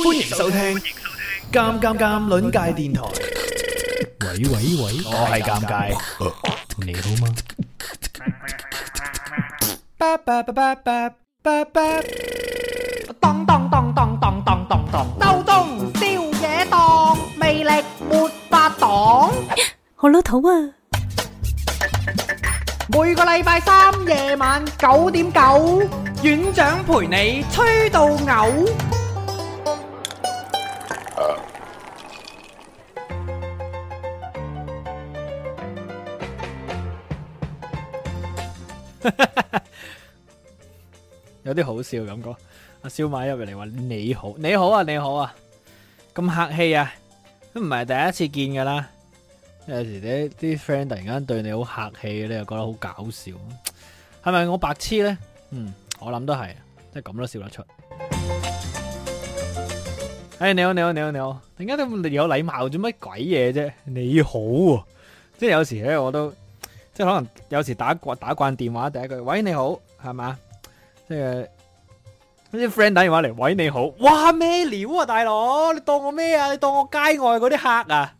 歡迎收聽《尷尷尷》鄰界電台。喂喂喂，我係尷尬，你好嗎？當當當當當當當，刀中笑嘢檔，魅力沒法擋。我老土啊！每個禮拜三夜晚九點九，院長陪你吹到嘔。有啲好笑嘅感覺，阿燒馬入嚟話你好，你好啊，你好啊，咁客氣啊，都唔係第一次見噶啦。有時咧啲 friend 突然間對你好客氣，你又覺得好搞笑，係咪我白痴咧？嗯，我諗都係，即係咁都笑得出。哎、 hey,，你好，你好，你好，你好，點解都有禮貌做乜鬼嘢啫？你好啊，即係有時咧，我都即係可能有時打打慣電話，第一句喂你好係嘛？是即係啲 friend 打電話嚟，喂，你好，哇咩料啊，大佬，你當我咩啊？你當我街外嗰啲客啊？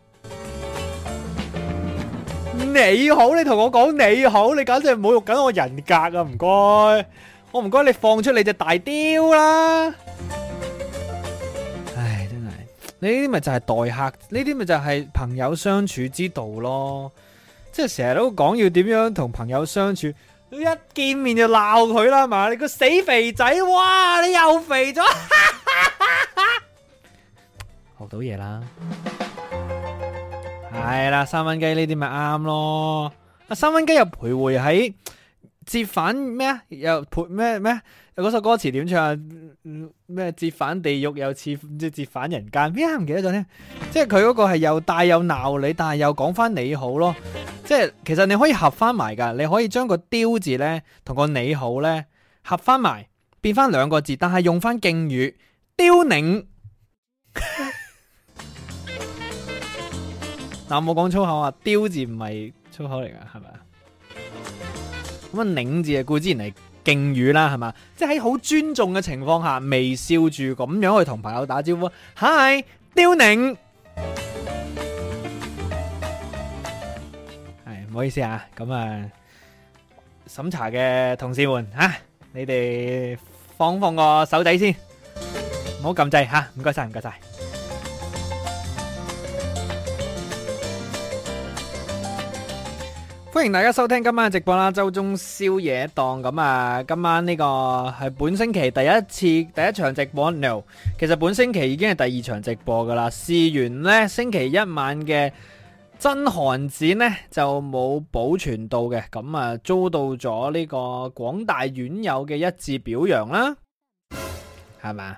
你好，你同我講你好，你簡直侮辱緊我人格啊！唔該，我唔該，你放出你隻大雕啦！唉，真係，呢啲咪就係待客，呢啲咪就係朋友相處之道咯。即係成日都講要點樣同朋友相處。一見面就鬧佢啦，係嘛？你個死肥仔，哇！你又肥咗， 學到嘢啦，係、哎、啦，三蚊雞呢啲咪啱咯。啊，三蚊雞又徘徊喺。折返咩啊？又潑咩咩？嗰首歌詞點唱？咩折返地獄又似即係折返人間邊啊？唔記得咗添。即係佢嗰個係又帶又鬧你，但係又講翻你好咯。即係其實你可以合翻埋噶，你可以將個刁字呢同個你好呢合翻埋，變翻兩個字，但係用翻敬語刁擰。嗱， 我冇講粗口啊，刁字唔係粗口嚟噶，係咪啊？咁啊，寧字固之然係敬語啦，係嘛？即係喺好尊重嘅情況下，微笑住咁樣去同朋友打招呼。Hi，刁寧，係唔好意思啊，咁啊，審查嘅同事們吓，啊，你哋放放個手仔先，唔好撳掣吓，唔該晒，唔該晒。歡迎大家收聽今晚嘅直播啦，周中宵夜檔咁啊！今晚呢個係本星期第一次第一場直播，No，其實本星期已經係第二場直播噶啦。試完呢星期一晚嘅真寒戰呢，就冇保存到嘅，咁啊遭到咗呢個廣大院友嘅一致表揚啦，係咪？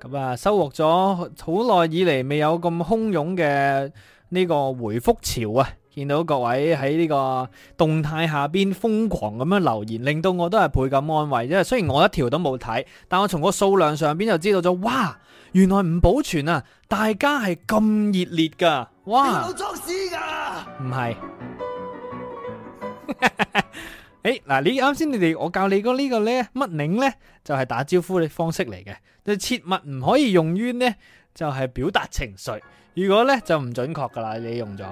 咁啊，收穫咗好耐以嚟未有咁洶湧嘅呢個回覆潮啊！見到各位喺呢個動態下邊瘋狂咁樣留言，令到我都係倍感安慰。因為雖然我一條都冇睇，但我從個數量上邊就知道咗。哇，原來唔保存啊，大家係咁熱烈噶哇！我裝屎噶，唔係誒嗱。 哎、你啱先，你哋我教你嗰呢個呢乜擰呢？就係、是、打招呼嘅方式嚟嘅。就是、切勿唔可以用於呢，就係、是、表達情緒。如果呢就唔準確噶啦，你用咗。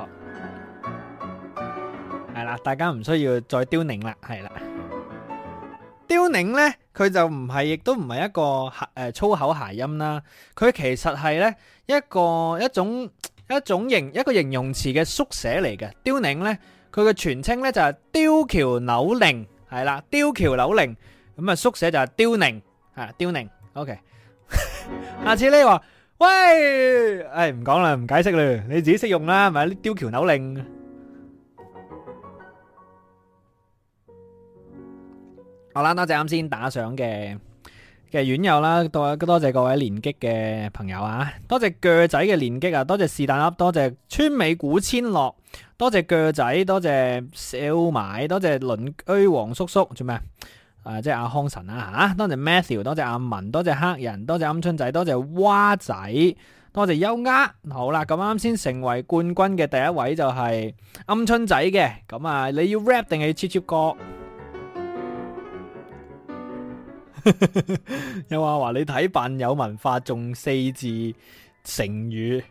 係啦，大家唔需要再刁擰啦，係啦。刁擰咧，佢就唔係，亦都唔係一個吓誒粗口諧音啦。佢其實係咧一個一種一種形一個形容詞嘅縮寫嚟嘅。刁擰咧，佢嘅全稱咧就係刁橋扭擰，係啦，刁橋扭擰。咁啊，縮寫就係刁擰吓，刁擰。OK，下次你話喂，誒，唔講啦，唔解釋啦，你自己識用啦，咪刁橋扭擰。好啦，多謝啱先打賞嘅嘅網友啦，多多謝各位連擊嘅朋友啊，多謝腳仔嘅連擊啊，多謝是但粒，多謝村美古千樂，多謝腳仔，多謝小埋，多謝鄰居王叔叔做咩啊？即係阿康神啊？吓、啊，多謝 Matthew，多謝阿文，多謝黑人，多謝鵪鶉仔，多謝蛙仔，多謝優丫。好啦，咁啱先成為冠軍嘅第一位就係鵪鶉仔嘅。咁啊，你要 rap 定係切切歌？ 又話話你睇扮有文化，仲四字成語，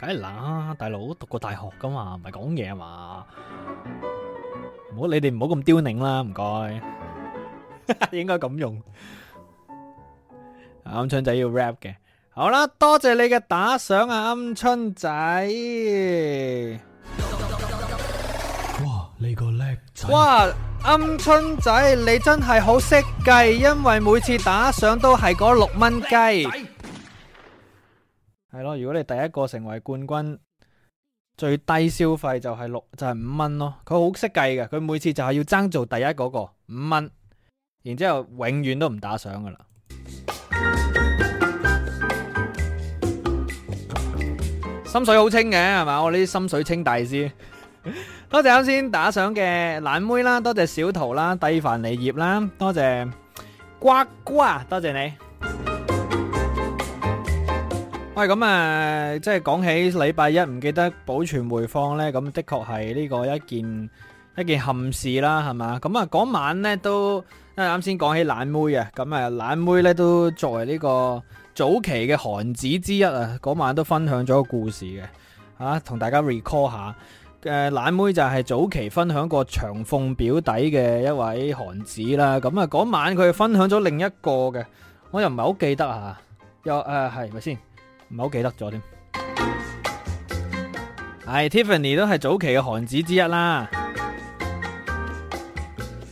梗係啦，大佬讀過大學噶嘛，唔係講嘢啊嘛，唔好你哋唔好咁刁擰啦，唔該， 應該咁用。阿鵪鶉仔要 rap 嘅，好啦，多謝你嘅打賞啊，鵪鶉仔。哇！你個叻仔。哇。鵪鶉仔，你真係好識計，因為每次打賞都係嗰六蚊雞。係咯，如果你第一個成為冠軍，最低消費就係六，就係五蚊咯。佢好識計嘅，佢每次就係要爭做第一嗰個五蚊，然之後永遠都唔打賞噶啦。心水好清嘅係嘛？我呢啲心水清大師。多謝啱先打賞嘅懶妹啦，多謝小桃啦，蒂凡尼葉啦，多謝呱呱啊，多謝你。喂，咁啊，即係講起禮拜一唔記得保存回放呢，咁的確係呢個一件一件憾事啦，係嘛？咁啊，嗰晚呢都，因為啱先講起懶妹啊，咁啊，懶妹呢都作為呢個早期嘅韓子之一啊，嗰晚都分享咗個故事嘅，啊，同大家 recall 下。誒懶妹就係早期分享過長鳳表弟嘅一位韓子啦，咁啊嗰晚佢分享咗另一個嘅，我又唔係好記得啊，又誒係咪先唔係好記得咗添？係、 哎、Tiffany 都係早期嘅韓子之一啦。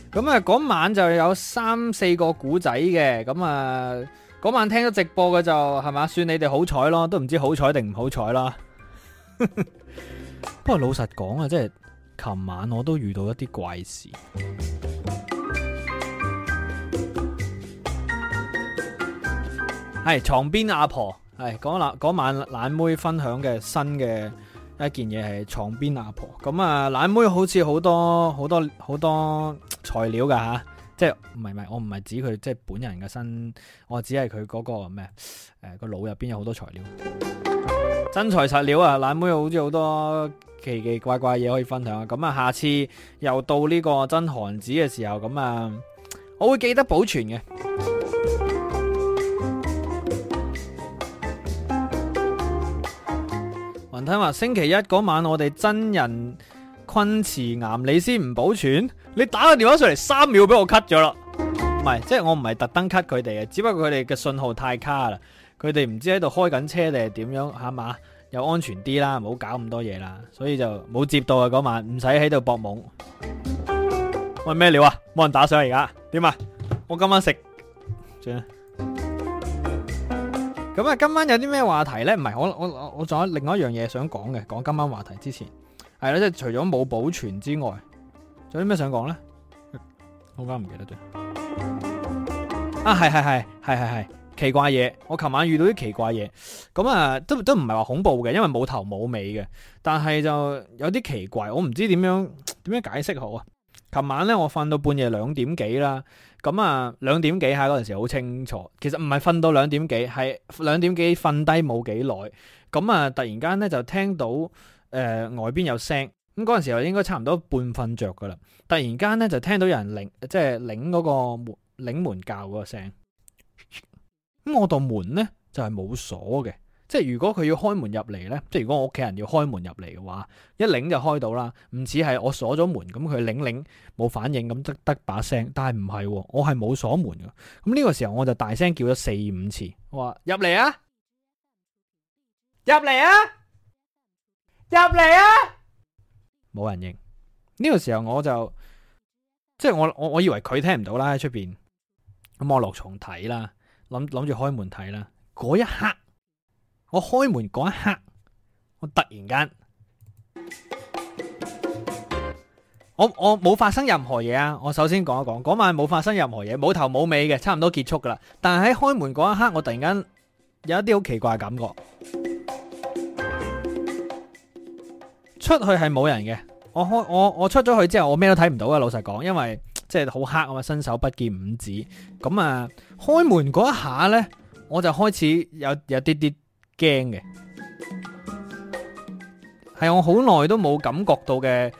咁啊嗰晚就有三四個古仔嘅，咁啊嗰晚聽咗直播嘅就係咪？算你哋好彩咯，都唔知好彩定唔好彩啦。 不過老實講啊，即係琴晚我都遇到一啲怪事。係床邊阿婆，係講嗱，嗰晚懶妹分享嘅新嘅一件嘢，係床邊阿婆。咁啊，懶妹好似好多好多好多材料噶吓，即係唔係唔係，我唔係指佢即係本人嘅身，我指係佢嗰個咩誒個腦入邊有好多材料，啊，真材實料啊！懶妹好似好多。奇奇怪怪嘢可以分享啊！咁啊，下次又到呢個真寒子嘅時候，咁啊，我會記得保存嘅。雲吞話星期一嗰晚我哋真人昆池岩，你先唔保存？你打個電話上嚟三秒俾我 cut 咗啦！唔係，即係我唔係特登 cut 佢哋嘅，只不過佢哋嘅信號太卡啦，佢哋唔知喺度開緊車定係點樣吓嘛？就安全啲啦，唔好搞咁多嘢啦，所以就冇接到啊，嗰晚，唔使喺度搏懵。喂，咩料啊？冇人打賞而家，點啊？我今晚食，咁啊，今晚有啲咩話題咧？唔係，我我我仲有另外一樣嘢想講嘅，講今晚話題之前係啦，即係除咗冇保存之外，仲有啲咩想講咧？我而家唔記得咗。啊，係係係係係係。是是是是是奇怪嘢，我琴晚遇到啲奇怪嘢，咁啊都都唔係話恐怖嘅，因為冇頭冇尾嘅，但係就有啲奇怪，我唔知點樣點樣解釋好啊！琴晚咧，我瞓到半夜兩點幾啦，咁啊兩點幾下嗰陣時好清楚，其實唔係瞓到兩點幾，係兩點幾瞓低冇幾耐，咁啊突然間咧就聽到誒、呃、外邊有聲，咁嗰陣時我應該差唔多半瞓着噶啦，突然間咧就聽到有人擰，即係擰嗰個門，擰、嗰個、門教嗰個聲。咁我度門呢，就係冇鎖嘅，即係如果佢要開門入嚟呢，即係如果我屋企人要開門入嚟嘅話，一擰就開到啦。唔似係我鎖咗門，咁佢擰擰冇反應，咁得得把聲。但係唔係，我係冇鎖門嘅。咁呢個時候我就大聲叫咗四五次，我話入嚟啊，入嚟啊，入嚟啊，冇人應。呢個時候我就即係我我我以為佢聽唔到啦，喺出邊，咁我落床睇啦。諗諗住開門睇啦，嗰一刻我開門嗰一刻，我突然間，我我冇發生任何嘢啊！我首先講一講，嗰晚冇發生任何嘢，冇頭冇尾嘅，差唔多結束㗎喇。但係喺開門嗰一刻，我突然間有一啲好奇怪嘅感覺。出去係冇人嘅，我開我我出咗去之後，我咩都睇唔到啊！老實講，因為。即係好黑啊嘛，伸手不見五指咁啊！開門嗰一下呢，我就開始有有啲啲驚嘅，係我好耐都冇感覺到嘅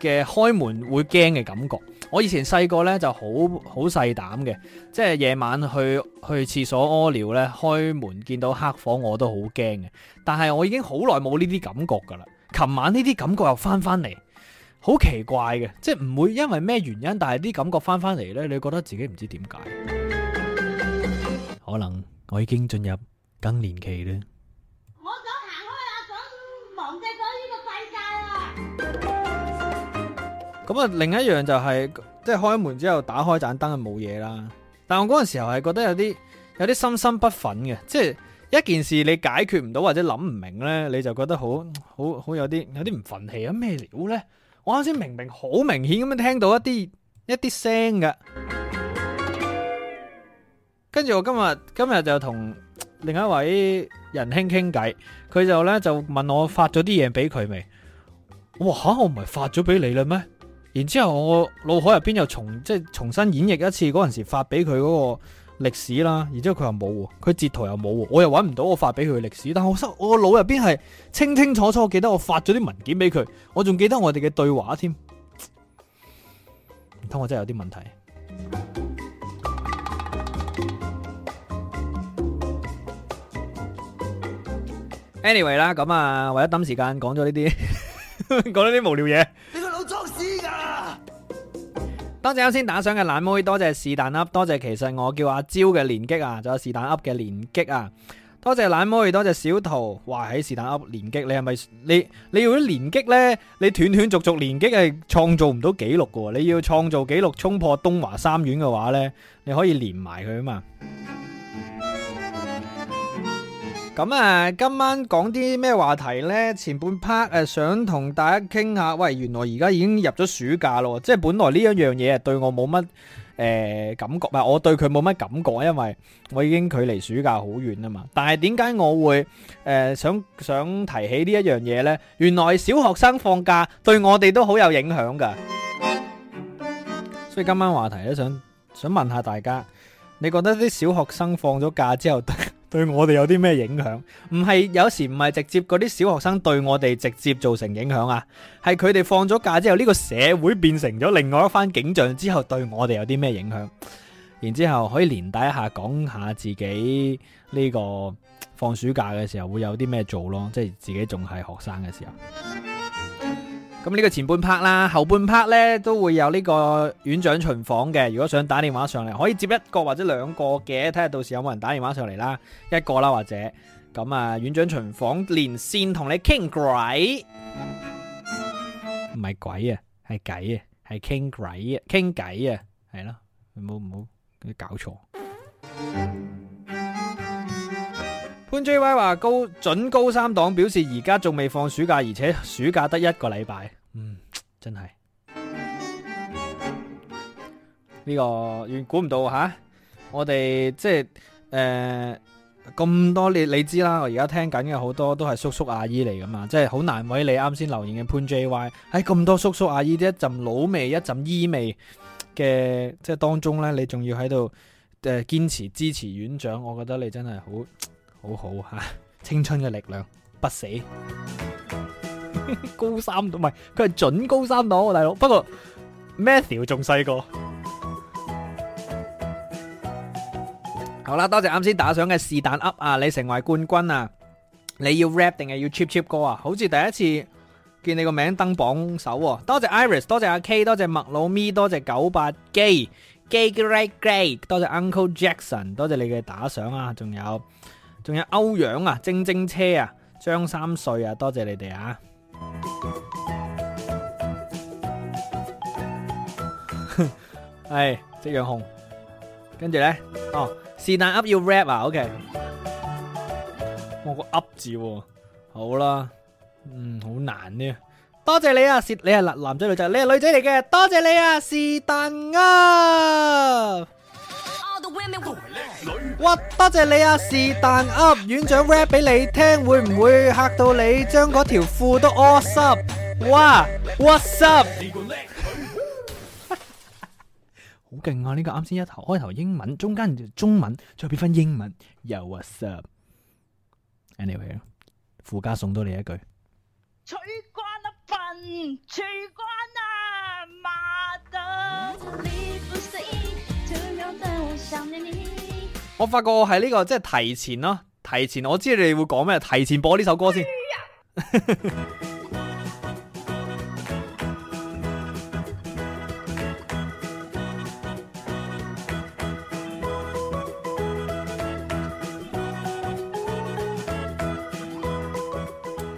嘅開門會驚嘅感覺。我以前細個呢就好好細膽嘅，即係夜晚去去廁所屙尿呢，開門見到黑房我都好驚嘅。但係我已經好耐冇呢啲感覺㗎啦，琴晚呢啲感覺又翻翻嚟。好奇怪嘅，即係唔會因為咩原因，但係啲感覺翻翻嚟呢，你覺得自己唔知點解，可能我已經進入更年期呢。我想行開啊，想忘記咗呢個世界啦。咁啊，另一樣就係、是、即係開門之後打開盞燈就冇嘢啦。但我嗰陣時候係覺得有啲有啲心心不忿嘅，即係一件事你解決唔到或者諗唔明呢，你就覺得好好好有啲有啲唔忿氣啊，咩料呢？我啱先明明好明顯咁樣聽到一啲一啲聲㗎。跟住我今日今日就同另一位仁兄傾偈，佢就咧就問我發咗啲嘢俾佢未？哇吓！我唔係、啊、發咗俾你嘞咩？然之後我腦海入邊又重即係重新演繹一次嗰陣時發俾佢嗰個歷史啦，然之後佢又冇，佢截圖又冇，我又揾唔到我發俾佢歷史，但係我心我腦入邊係清清楚楚記得我發咗啲文件俾佢，我仲記得我哋嘅對話添，唔通我真係有啲問題？Anyway 啦，咁啊，為咗等時間講咗呢啲，講咗啲無聊嘢。多謝啱先打賞嘅懶妹，多謝是但噏，多謝其實我叫阿蕉嘅連擊啊，仲有是但噏嘅連擊啊，多謝懶妹，多謝小桃。話喺是但噏連擊，你係咪你你要啲連擊呢你斷斷續續續連擊係創造唔到紀錄嘅喎，你要創造紀錄衝破東華三院嘅話呢，你可以連埋佢啊嘛。咁啊，今晚講啲咩話題呢？前半 part 誒、呃，想同大家傾下，喂，原來而家已經入咗暑假咯，即係本來呢一樣嘢對我冇乜誒感覺，唔係我對佢冇乜感覺，因為我已經距離暑假好遠啊嘛。但係點解我會誒、呃、想想提起呢一樣嘢呢？原來小學生放假對我哋都好有影響噶，所以今晚話題咧，想想問下大家，你覺得啲小學生放咗假之後？對我哋有啲咩影響？唔係有時唔係直接嗰啲小學生對我哋直接造成影響啊，係佢哋放咗假之後，呢個社會變成咗另外一番景象之後，對我哋有啲咩影響？然之後可以連帶一下講下自己呢個放暑假嘅時候會有啲咩做咯，即係自己仲係學生嘅時候。咁呢個前半 part 啦，後半 part 呢都會有呢個院長巡房嘅。如果想打電話上嚟，可以接一個或者兩個嘅，睇下到時有冇人打電話上嚟啦。一個啦，或者咁啊，院長巡房連線同你傾鬼，唔係鬼啊，係偈啊，係傾鬼啊，傾偈啊，係咯、啊，唔好唔好，搞錯。 潘 J Y 話高準高三黨表示而家仲未放暑假，而且暑假得一個禮拜，嗯，真係呢、這個預估唔到吓。我哋即係誒咁多你你知啦，我而家聽緊嘅好多都係叔叔阿姨嚟噶嘛，即係好難為你啱先留言嘅潘 J Y 喺、哎、咁多叔叔阿姨啲一陣老味、一陣姨味嘅即係當中呢，你仲要喺度誒堅持支持院長，我覺得你真係好。好好吓，青春嘅力量，不死高三都唔係佢係準高三黨，大佬，不過 Matthew 仲細個。好啦，多謝啱先打賞嘅是但 up 啊，你成為冠軍啊，你要 rap 定係要 cheap cheap 歌啊？好似第一次見你個名登榜首。多謝 Iris，多謝阿 K，多謝麥老咪，多謝九八 G，Great Great，多謝 Uncle Jackson，多謝你嘅打賞啊，仲有。仲有歐陽啊、晶晶車啊、張三歲啊，多謝你哋啊！係夕陽紅，跟住咧，哦，是但 up 要 rap 啊，OK，我個 up 字，好啦，嗯，好難呢，多謝你啊，是，你係男男仔女仔，你係女仔嚟嘅，多謝你啊，是但 up。哇！多謝你啊，是但 up 院長 rap 俾你聽，會唔會吓到你將嗰條褲都屙濕？哇！What's up？好 勁啊！呢個啱先一頭開頭英文，中間中文，再變翻英文，又、yeah, what's up？Anyway，附加送多你一句：取關啊笨，取關啊麻登。我發覺係呢、這個即係提前咯，提前我知你會講咩，提前播呢首歌先、哎。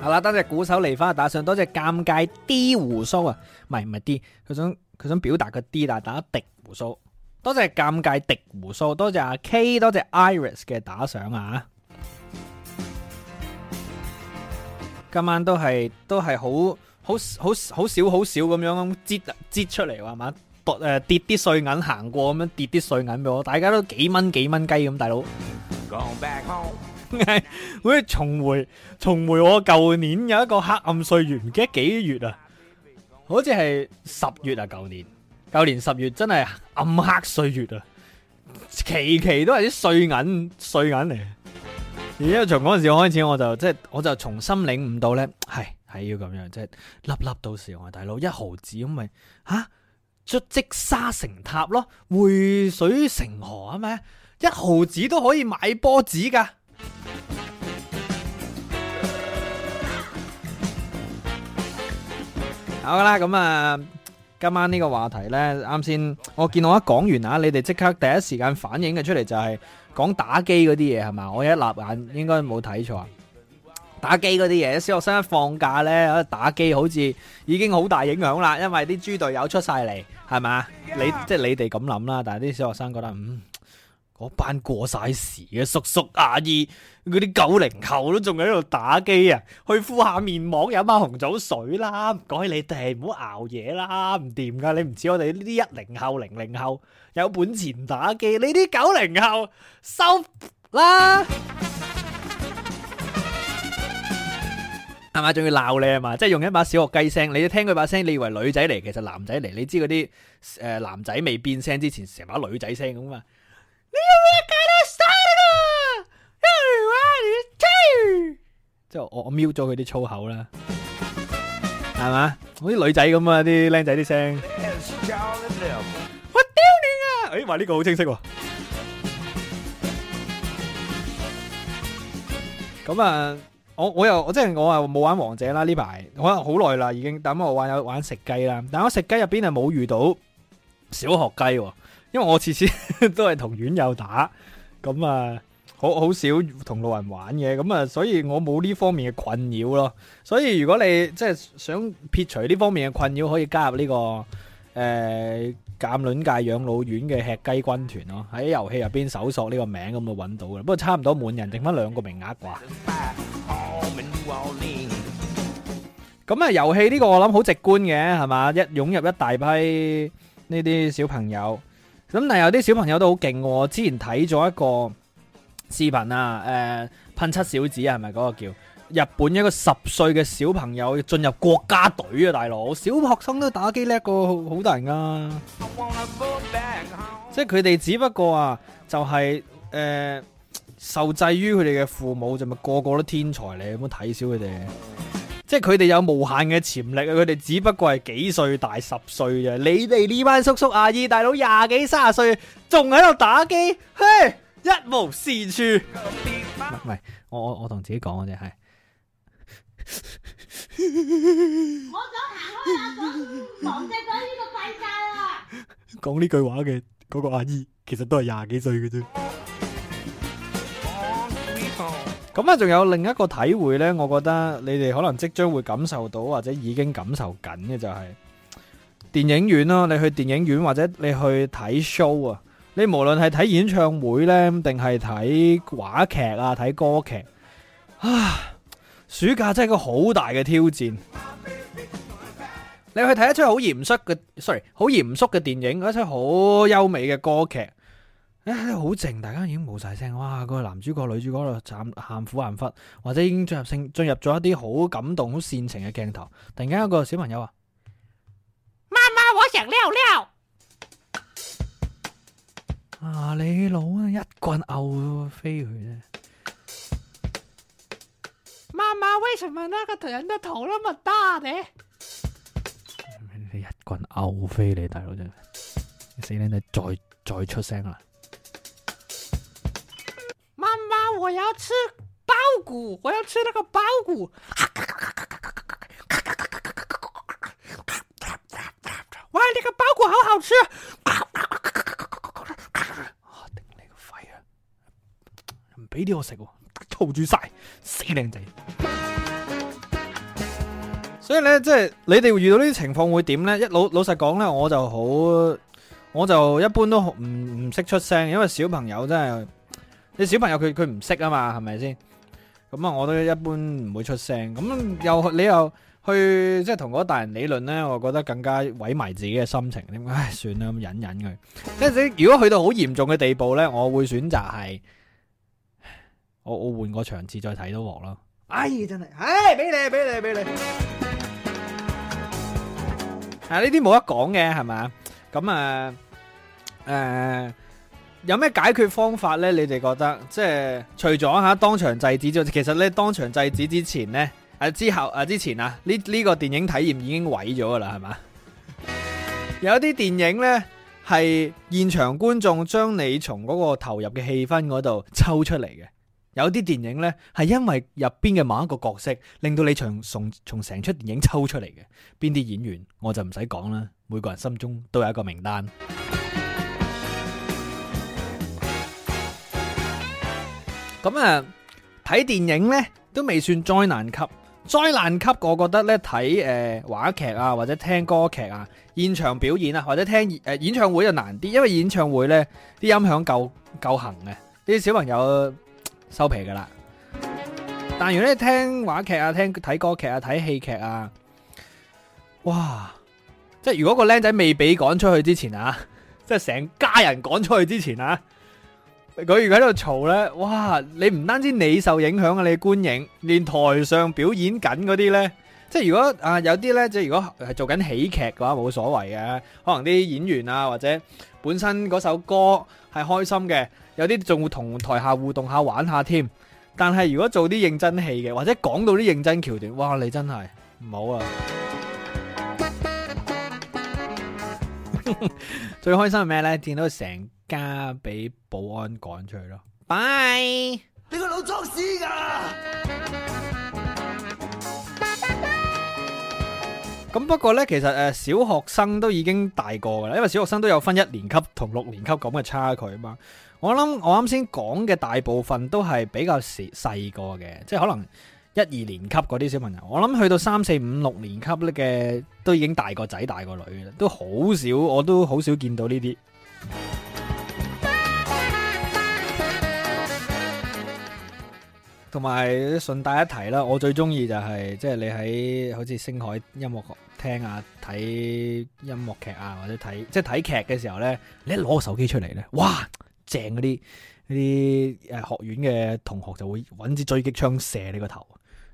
好啦，多謝鼓手梨花打上，多謝尷尬 D 鬍鬚啊，唔係唔係 D 佢想佢想表達個 D，但係打一滴鬍鬚。多謝尷尬滴鬍鬚，多謝阿 K，多謝 Iris 嘅打賞啊！今晚都係都係好好好好少好少咁樣，擠擠出嚟話係嘛，墮誒跌啲碎銀行過咁樣，跌啲碎銀俾我，大家都幾蚊幾蚊雞咁，大佬。好似重回重回我舊年有一個黑暗歲月，唔記得幾月啊？好似係十月啊，舊年。舊年十月真係暗黑歲月啊，期期都係啲碎銀碎銀嚟。而家從嗰陣時開始我，我就即係我就重新領悟到咧，係係要咁樣，即係粒粒到時我，大佬一毫子咁咪吓，卒、啊、積沙成塔咯，匯水成河啊？咪一毫子都可以買波子噶， 好啦，咁啊。今晚呢個話題呢，啱先我見我一講完啊，你哋即刻第一時間反映嘅出嚟就係講打機嗰啲嘢係嘛？我一立眼應該冇睇錯，打機嗰啲嘢，小學生一放假呢，打機好似已經好大影響啦，因為啲豬隊友出晒嚟，係咪？你即係、就是、你哋咁諗啦，但係啲小學生覺得嗯。嗰班過晒時嘅叔叔阿姨，嗰啲九零後都仲喺度打機啊，去敷下面膜，飲翻紅棗水啦。講起你哋唔好熬夜啦，唔掂噶，你唔似我哋呢啲一零後、零零後有本錢打機，你啲九零後收啦，係嘛？仲要鬧你啊嘛？即係用一把小學雞聲，你聽佢把聲，你以為女仔嚟，其實男仔嚟。你知嗰啲誒男仔未變聲之前，成把女仔聲咁嘛？你有咩搞到傻啲咯？一言話你黐，即係我我瞄咗佢啲粗口啦，係嘛？好似女仔咁啊，啲靚仔啲聲。我屌你啊！誒，話呢個好清晰。咁啊，我又我、即係、我又即係我啊冇玩王者啦，呢排可能好耐啦，已經等我了。但我玩有玩食雞啦，但係我食雞入邊係冇遇到小學雞。因為我次次都係同院友打咁啊，好好少同路人玩嘅咁啊，所以我冇呢方面嘅困擾咯。所以如果你即係想撇除呢方面嘅困擾，可以加入呢個誒鑒卵界養老院嘅吃雞軍團咯。喺遊戲入邊搜索呢個名咁就搵到嘅。不過差唔多滿人，定翻兩個名額啩。咁啊，遊戲呢個我諗好直觀嘅係嘛，一湧入一大批呢啲小朋友。咁但係有啲小朋友都好勁喎，我之前睇咗一個視頻啊，誒、呃，噴漆小子係咪嗰個叫日本一個十歲嘅小朋友進入國家隊啊，大佬，小學生都打機叻過好多人啊，即係佢哋只不過啊、就是，就係誒受制於佢哋嘅父母，就咪個個都天才嚟，有冇睇小佢哋？即係佢哋有無限嘅潛力啊！佢哋只不過係幾歲大十歲咋？你哋呢班叔叔阿姨大佬廿幾三十歲，仲喺度打機，嘿，一無是處。唔係，我我同自己講嘅啫，係。我想行開下咁，忘記咗呢個世界啦。講呢句話嘅嗰個阿姨，其實都係廿幾歲嘅啫。咁啊，仲有另一個體會呢？我覺得你哋可能即將會感受到，或者已經感受緊嘅，就係電影院咯。你去電影院或者你去睇 show 啊，你無論係睇演唱會呢，定係睇話劇啊，睇歌劇啊，暑假真係一個好大嘅挑戰。你去睇一齣好嚴肅嘅，sorry，好嚴肅嘅電影，一齣好優美嘅歌劇。唉、哎，好靜，大家已經冇晒聲。哇，個男主角、女主角喺度喊苦喊忽，或者已經進入性進入咗一啲好感動、好煽情嘅鏡頭。突然間，有個小朋友話：媽媽，我想撩撩啊，你老啊，一棍毆飛佢咧！媽媽，為什麼那個人的頭那麼大呢、啊？你一棍毆飛你大佬真係，你死靚仔，再再出聲啦！媽媽，我要吃包谷，我要吃那個包谷。喂，你，這個包谷好好吃。頂、啊、你個肺啊！唔俾啲我食，啊，逃住晒，死靚仔。所以咧，即係你哋會遇到呢啲情況會點咧？一老老實講咧，我就好，我就一般都唔唔識出聲，因為小朋友真係。小朋友佢佢唔識啊嘛，係咪先？咁啊，我都一般唔會出聲。咁又你又去即係同嗰啲大人理論咧，我覺得更加毀埋自己嘅心情。點解？算啦，咁忍忍佢。即係如果去到好嚴重嘅地步咧，我會選擇係我我換個場次再睇，都好咯。哎，真係，哎，俾你俾你俾你。啊，呢啲冇得講嘅係咪？咁啊誒。有咩解決方法呢？你哋覺得即係除咗吓、啊、當場制止，咗其實呢當場制止之前呢，誒、啊、之後、啊、之前啊，呢呢、呢個電影體驗已經毀咗噶啦，係嘛？ 有啲電影呢，係現場觀眾將你從嗰個投入嘅氣氛嗰度抽出嚟嘅，有啲電影呢，係因為入邊嘅某一個角色令到你從從從成出電影抽出嚟嘅，邊啲演員我就唔使講啦，每個人心中都有一個名單。咁啊，睇電影呢都未算災難級，災難級我覺得呢，睇誒、呃、話劇啊，或者聽歌劇啊，現場表演啊，或者聽誒、呃、演唱會就難啲，因為演唱會呢啲音響夠夠行嘅，啲小朋友收皮噶啦。但如果你聽話劇啊，聽睇歌劇啊，睇戲劇啊，哇！即係如果個僆仔未俾趕出去之前啊，即係成家人趕出去之前啊。佢如果喺度嘈咧，哇！你唔單止你受影響啊，你觀影，連台上表演緊嗰啲咧，即係如果啊有啲咧，即係如果係做緊喜劇嘅話，冇所謂嘅，可能啲演員啊或者本身嗰首歌係開心嘅，有啲仲會同台下互動下玩下添。但係如果做啲認真戲嘅，或者講到啲認真橋段，哇！你真係唔好啊！ 最開心係咩咧？見到成～加俾保安趕出去咯！拜。你個老作屎噶。咁 不過呢，其實誒，小學生都已經大個噶啦，因為小學生都有分一年級同六年級咁嘅差距嘛。我諗我啱先講嘅大部分都係比較細細個嘅，即係可能一二年級嗰啲小朋友。我諗去到三四五六年級咧嘅，都已經大個仔大個女啦，都好少，我都好少見到呢啲。同埋順帶一提啦，我最中意就係、是、即係你喺好似星海音樂廳聽啊、睇音樂劇啊，或者睇即係睇劇嘅時候咧，你一攞個手機出嚟咧，哇！正嗰啲啲誒學院嘅同學就會揾支狙擊槍射你個頭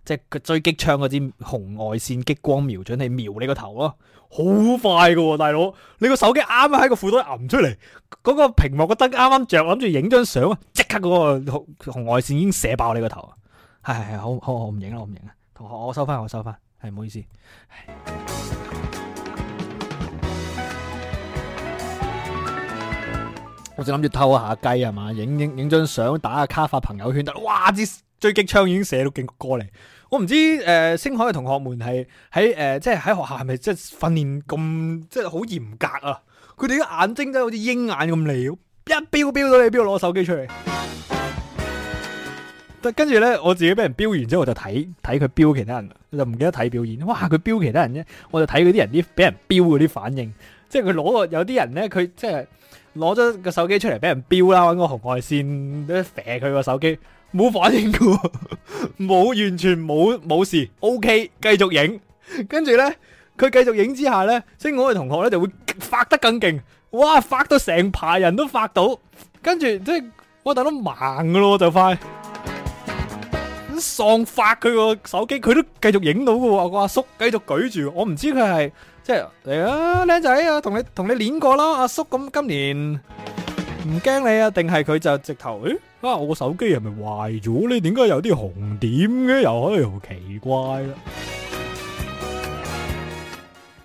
即係追擊槍嗰支紅外線激光瞄準器瞄你個頭咯，好快噶、啊，大佬！你個手機啱啱喺個褲袋揞出嚟，嗰個屏幕嘅燈啱啱着，諗住影張相，即刻嗰個紅外線已經射爆你個頭啊！係係係，好好好，唔影啦，我唔影啊！同學，我收翻，我收翻，係唔好意思。我就諗住偷下雞係嘛，影影影張相，打下卡發朋友圈得。哇！支追擊槍已經射到勁過嚟。我唔知誒、呃，星海嘅同學們係喺誒，即係喺學校係咪即係訓練咁即係好嚴格啊？佢哋啲眼睛都好似鷹眼咁了，一飆飆到你邊攞手機出嚟。 跟住咧，我自己俾人飆完之後，我就睇睇佢飆其他人，就唔記得睇表演。哇！佢飆其他人啫，我就睇嗰啲人啲俾人飆嗰啲反應。即係佢攞個有啲人咧，佢即係攞咗個手機出嚟俾人飆啦，揾個紅外線都射佢個手機。冇反應噶，冇，完全冇冇事，OK，繼續影。跟住咧，佢繼續影之下咧，即係我嘅同學咧就會發得更勁，哇，發到成排人都發到。跟住即係我大佬盲噶咯，就快喪發佢個手機，佢都繼續影到噶。我阿叔繼續舉住，我唔知佢係即係嚟啊，靚仔啊，同你同你練過啦，阿叔，咁今年。唔驚你啊？定係佢就直頭？誒、欸，啊，我個手機係咪壞咗咧？點解有啲紅點嘅？又可以好奇怪啦。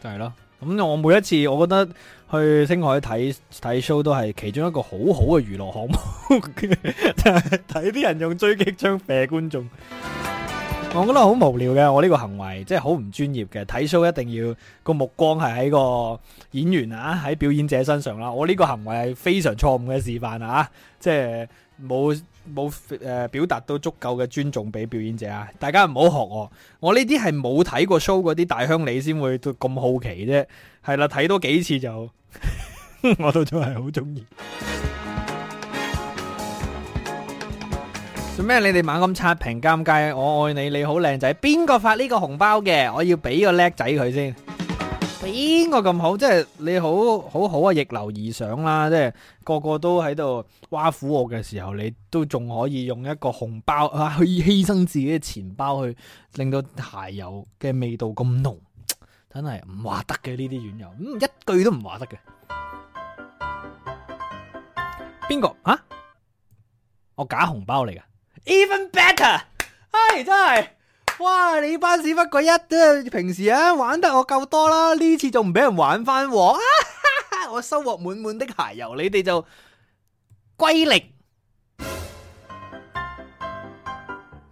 係、就、咯、是，咁、嗯、我每一次我覺得去星海睇睇 show 都係其中一個很好好嘅娛樂項目，睇 啲人用狙擊槍射觀眾。我覺得好無聊嘅，我呢個行為即係好唔專業嘅，睇 show 一定要個目光係喺個演員啊，喺表演者身上啦，啊。我呢個行為係非常錯誤嘅示範啊，即係冇冇誒表達到足夠嘅尊重俾表演者啊！大家唔好學我，我呢啲係冇睇過 show 嗰啲大鄉里先會咁好奇啫。係啦，睇多幾次就 我都真係好中意。做咩？你哋猛咁刷屏尷尬？我愛你，你好靚仔。邊個發呢個紅包嘅？我要俾個叻仔佢先。邊個咁好？即係你好好好啊，逆流而上啦！即係個個都喺度挖苦我嘅時候，你都仲可以用一個紅包，啊，去犧牲自己嘅錢包，去令到鞋油嘅味道咁濃。真係唔話得嘅呢啲軟油，嗯，一句都唔話得嘅。邊個啊？我假紅包嚟㗎！Even better，唉，真係，哇！你班只不過一即係平時啊玩得我夠多啦，呢次就唔俾人玩翻喎，我收穫滿滿的鞋油，你哋就龜苓，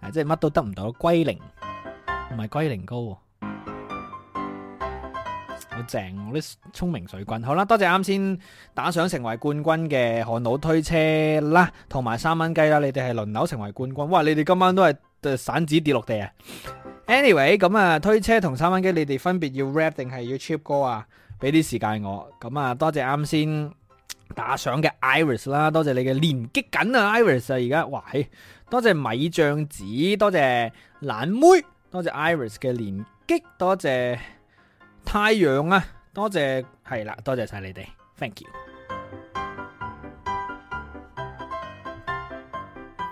啊，即係乜都得唔到，龜苓，唔係龜苓膏。正我啲聰明水軍，好啦，多謝啱先打賞成為冠軍嘅韓佬推車啦，同埋三蚊雞啦，你哋係輪流成為冠軍，哇！你哋今晚都係散紙跌落地啊。Anyway，咁啊，推車同三蚊雞，你哋分別要 rap 定係要 cheap 歌啊？俾啲時間我。咁啊，多謝啱先打賞嘅 Iris 啦，多謝你嘅連擊緊啊，Iris 啊，而家哇多謝米醬子，多謝懶妹，多謝 Iris 嘅連擊，多謝。太陽啊，多謝係啦，多謝晒你哋，Thank you 等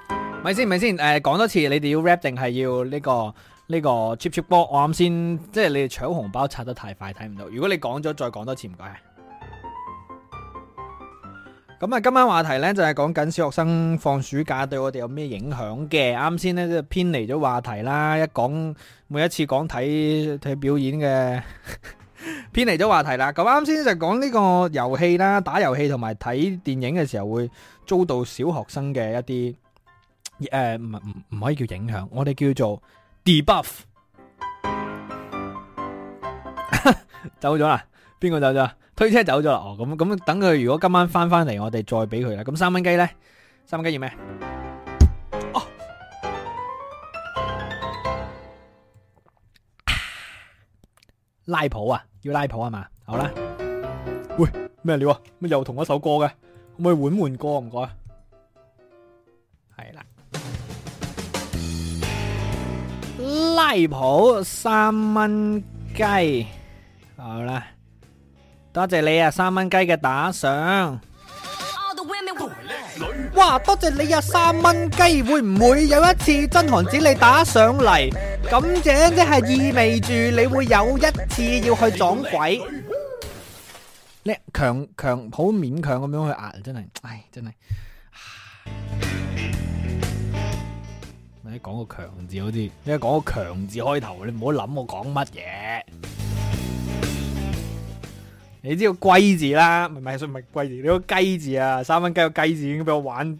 等。咪先咪先，誒、呃，講多次，你哋要 rap 定係要呢、這個呢、這個 cheap cheap 波？我啱先即係你哋搶紅包刷得太快，睇唔到。如果你講咗，再講多次唔該。咁啊，今晚話題咧就係講緊小學生放暑假對我哋有咩影響嘅。啱先咧就偏離咗話題啦，一講每一次講睇睇表演嘅偏離咗話題啦。咁啱先就講呢個遊戲啦，打遊戲同埋睇電影嘅時候會遭到小學生嘅一啲誒，唔唔唔可以叫影響，我哋叫做 debuff，走咗啦，邊個走咗？推車走咗啦，哦，咁咁等佢。如果今晚翻翻嚟，我哋再俾佢啦。咁三蚊雞咧，三蚊雞要咩？哦，拉普啊，要拉普係嘛？好啦，喂，咩料啊？咩又同一首歌嘅？可唔可以換換歌？唔該。係啦，拉普三蚊雞，好啦。多謝你啊，三蚊雞嘅打賞。哇，多謝你啊，三蚊雞會唔會有一次真韓子你打上嚟？咁樣即係意味住你會有一次要去撞鬼。叻強強好勉強咁樣去壓，真係，唉，真係。你講個強字，好啲你一講個強字開頭，你唔好諗我講乜嘢。你知道龜字啦，唔係唔係，算唔係龜字，你、這個雞字啊，三蚊雞個雞字已經俾我玩，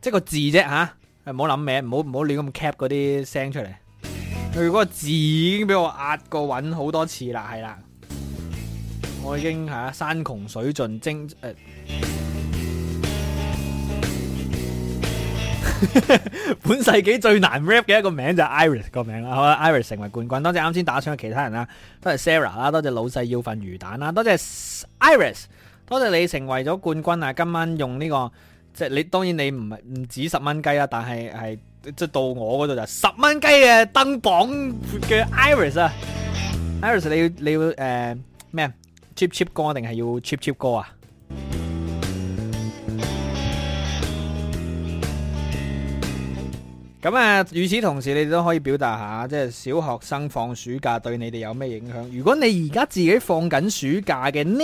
即係個字啫吓，係唔好諗名，唔好唔好亂咁 cap 嗰啲聲出嚟，佢、嗯、嗰、這個字已經俾我壓過穩好多次啦，係啦、嗯，我已經、啊、山窮水盡精誒。呃 本世紀最難 rap 嘅一個名就係 Iris 個名啦，Iris 成為冠軍。多謝啱先打上嘅其他人啦，多謝 Sarah 啦，多謝老細要份魚蛋啦，多謝 Iris，多謝你成為咗冠軍啊！今晚用呢、這個即係你，當然你唔係唔止十蚊雞啦，但係係即係到我嗰度就是十蚊雞嘅登榜嘅 Iris 啊！Iris，你要你要誒咩、呃、cheap cheap 歌定係要 cheap cheap 歌啊？咁啊！與此同時，你哋都可以表達下，即係小學生放暑假對你哋有咩影響？如果你而家自己放緊暑假嘅呢，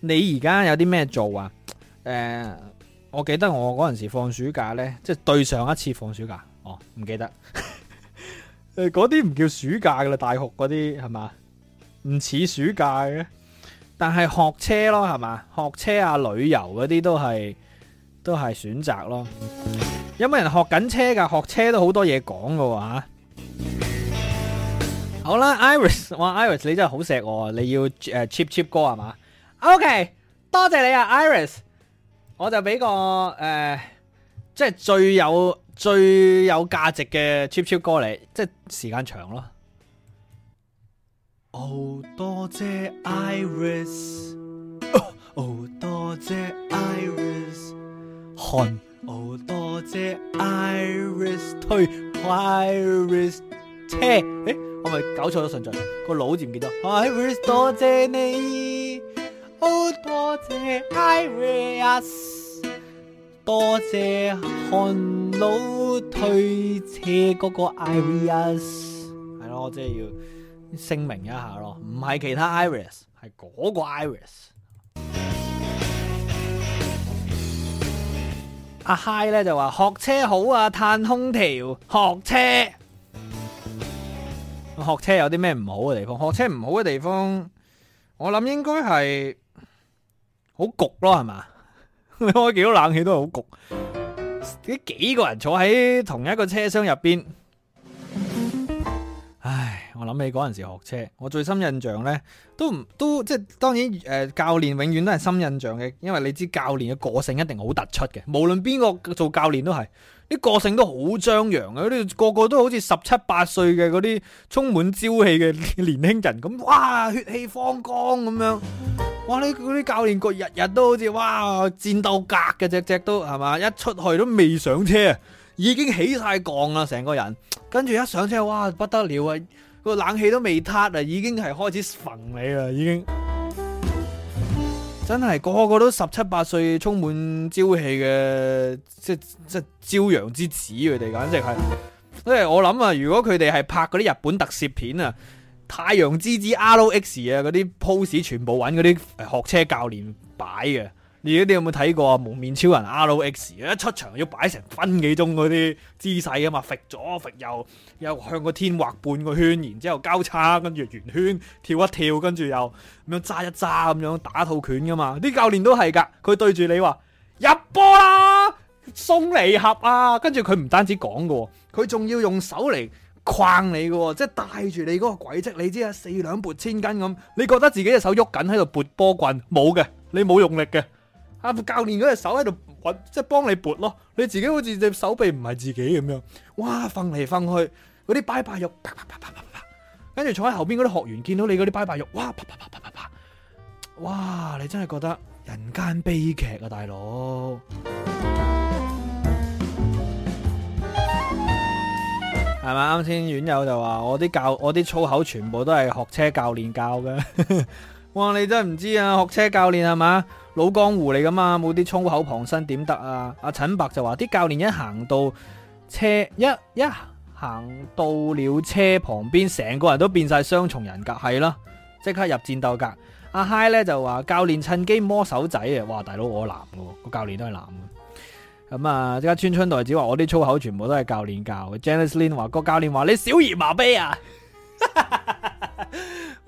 你而家有啲咩做啊？呃，我記得我嗰陣時放暑假呢，即係對上一次放暑假，哦，唔記得。嗰啲唔叫暑假噶啦，大學嗰啲係嘛？唔似暑假嘅，但係學車咯，係嘛？學車啊，旅遊嗰啲都係都係選擇咯。有冇人學緊車噶？學車都很多說的 好多嘢講噶喎。好啦，Iris，哇，Iris 你真係好錫我，你要誒 cheap cheap 歌係嘛？OK，多謝你啊，Iris。我就俾個誒即係最有最有價值嘅 cheap cheap 歌嚟，即係時間長咯。好多謝 Iris，好多謝 Iris，韓。推 Iris 車，誒我咪搞錯咗順序，個腦好似唔記得？Iris 多謝你，好多謝 Iris，多謝漢老推車嗰個 Iris，係咯，即係要聲明一下咯，唔係其他 Iris，係嗰個 Iris。阿嗨咧就話學車好啊，嘆空調學車，學車有啲咩唔好嘅地方？學車唔好嘅地方，我諗應該係好焗咯，係嘛？你開幾多冷氣都係好焗，幾幾個人坐喺同一個車廂入邊。我諗起嗰陣時學車，我最深印象呢都唔都即係當然誒、呃，教練永遠都係深印象嘅，因為你知教練嘅個性一定好突出嘅，無論邊個做教練都係啲個性都好張揚嘅，啲個個都好似十七八歲嘅嗰啲充滿朝氣嘅年輕人咁，哇血氣方剛咁樣，哇呢啲教練個日日都好似哇戰鬥格嘅隻只都係嘛，一出去都未上車已經起晒槓啦成個人，跟住一上車哇不得了啊！個冷氣都未撻啊，已經係開始焚你啦，已經。真係個個都十七八歲充滿朝氣嘅，即即朝陽之子佢哋，簡直係。即係我諗啊，如果佢哋係拍嗰啲日本特攝片啊，太陽之子 Rex 啊，嗰啲 pose 全部揾嗰啲學車教練擺嘅。而家你有冇睇過啊？蒙面超人 R.O.X. 一出場要擺成分幾鐘嗰啲姿勢噶嘛？甩左甩右，又向個天畫半個圈，然之後交叉，跟住圓圈跳一跳，跟住又咁樣揸一揸咁樣打套拳噶嘛？啲教練都係噶，佢對住你話入波啦，鬆離合啊，跟住佢唔單止講噶，佢仲要用手嚟框你噶，即係帶住你嗰個軌跡。你知啊，四兩撥千斤咁，你覺得自己隻手喐緊喺度撥波棍，冇嘅，你冇用力嘅。教練嗰隻手喺度揾，即係幫你撥咯。你自己好似隻手臂唔係自己咁樣，哇！瞓嚟瞓去，嗰啲拜拜肉，啪啪啪啪啪啪，跟住坐喺後邊嗰啲學員見到你嗰啲拜拜肉，哇！啪啪啪啪啪啪，哇！你真係覺得人間悲劇啊，大佬。係咪？啱先院友就話：我啲教，我啲粗口全部都係學車教練教嘅。 哇！你真係唔知啊，學車教練係咪老江湖嚟噶嘛，冇啲粗口傍身點得啊？阿陳伯就話啲教練一行到車一一、yeah, yeah, 行到了車旁邊，成個人都變晒雙重人格，係啦，即刻入戰鬥格。阿嗨呢咧就話教練趁機摸手仔啊！哇，大佬我男噶，個教練都係男噶。咁啊，即刻川春，春代子話我啲粗口全部都係教練教嘅。Janice Lin 話、那個教練話你小兒麻痹啊！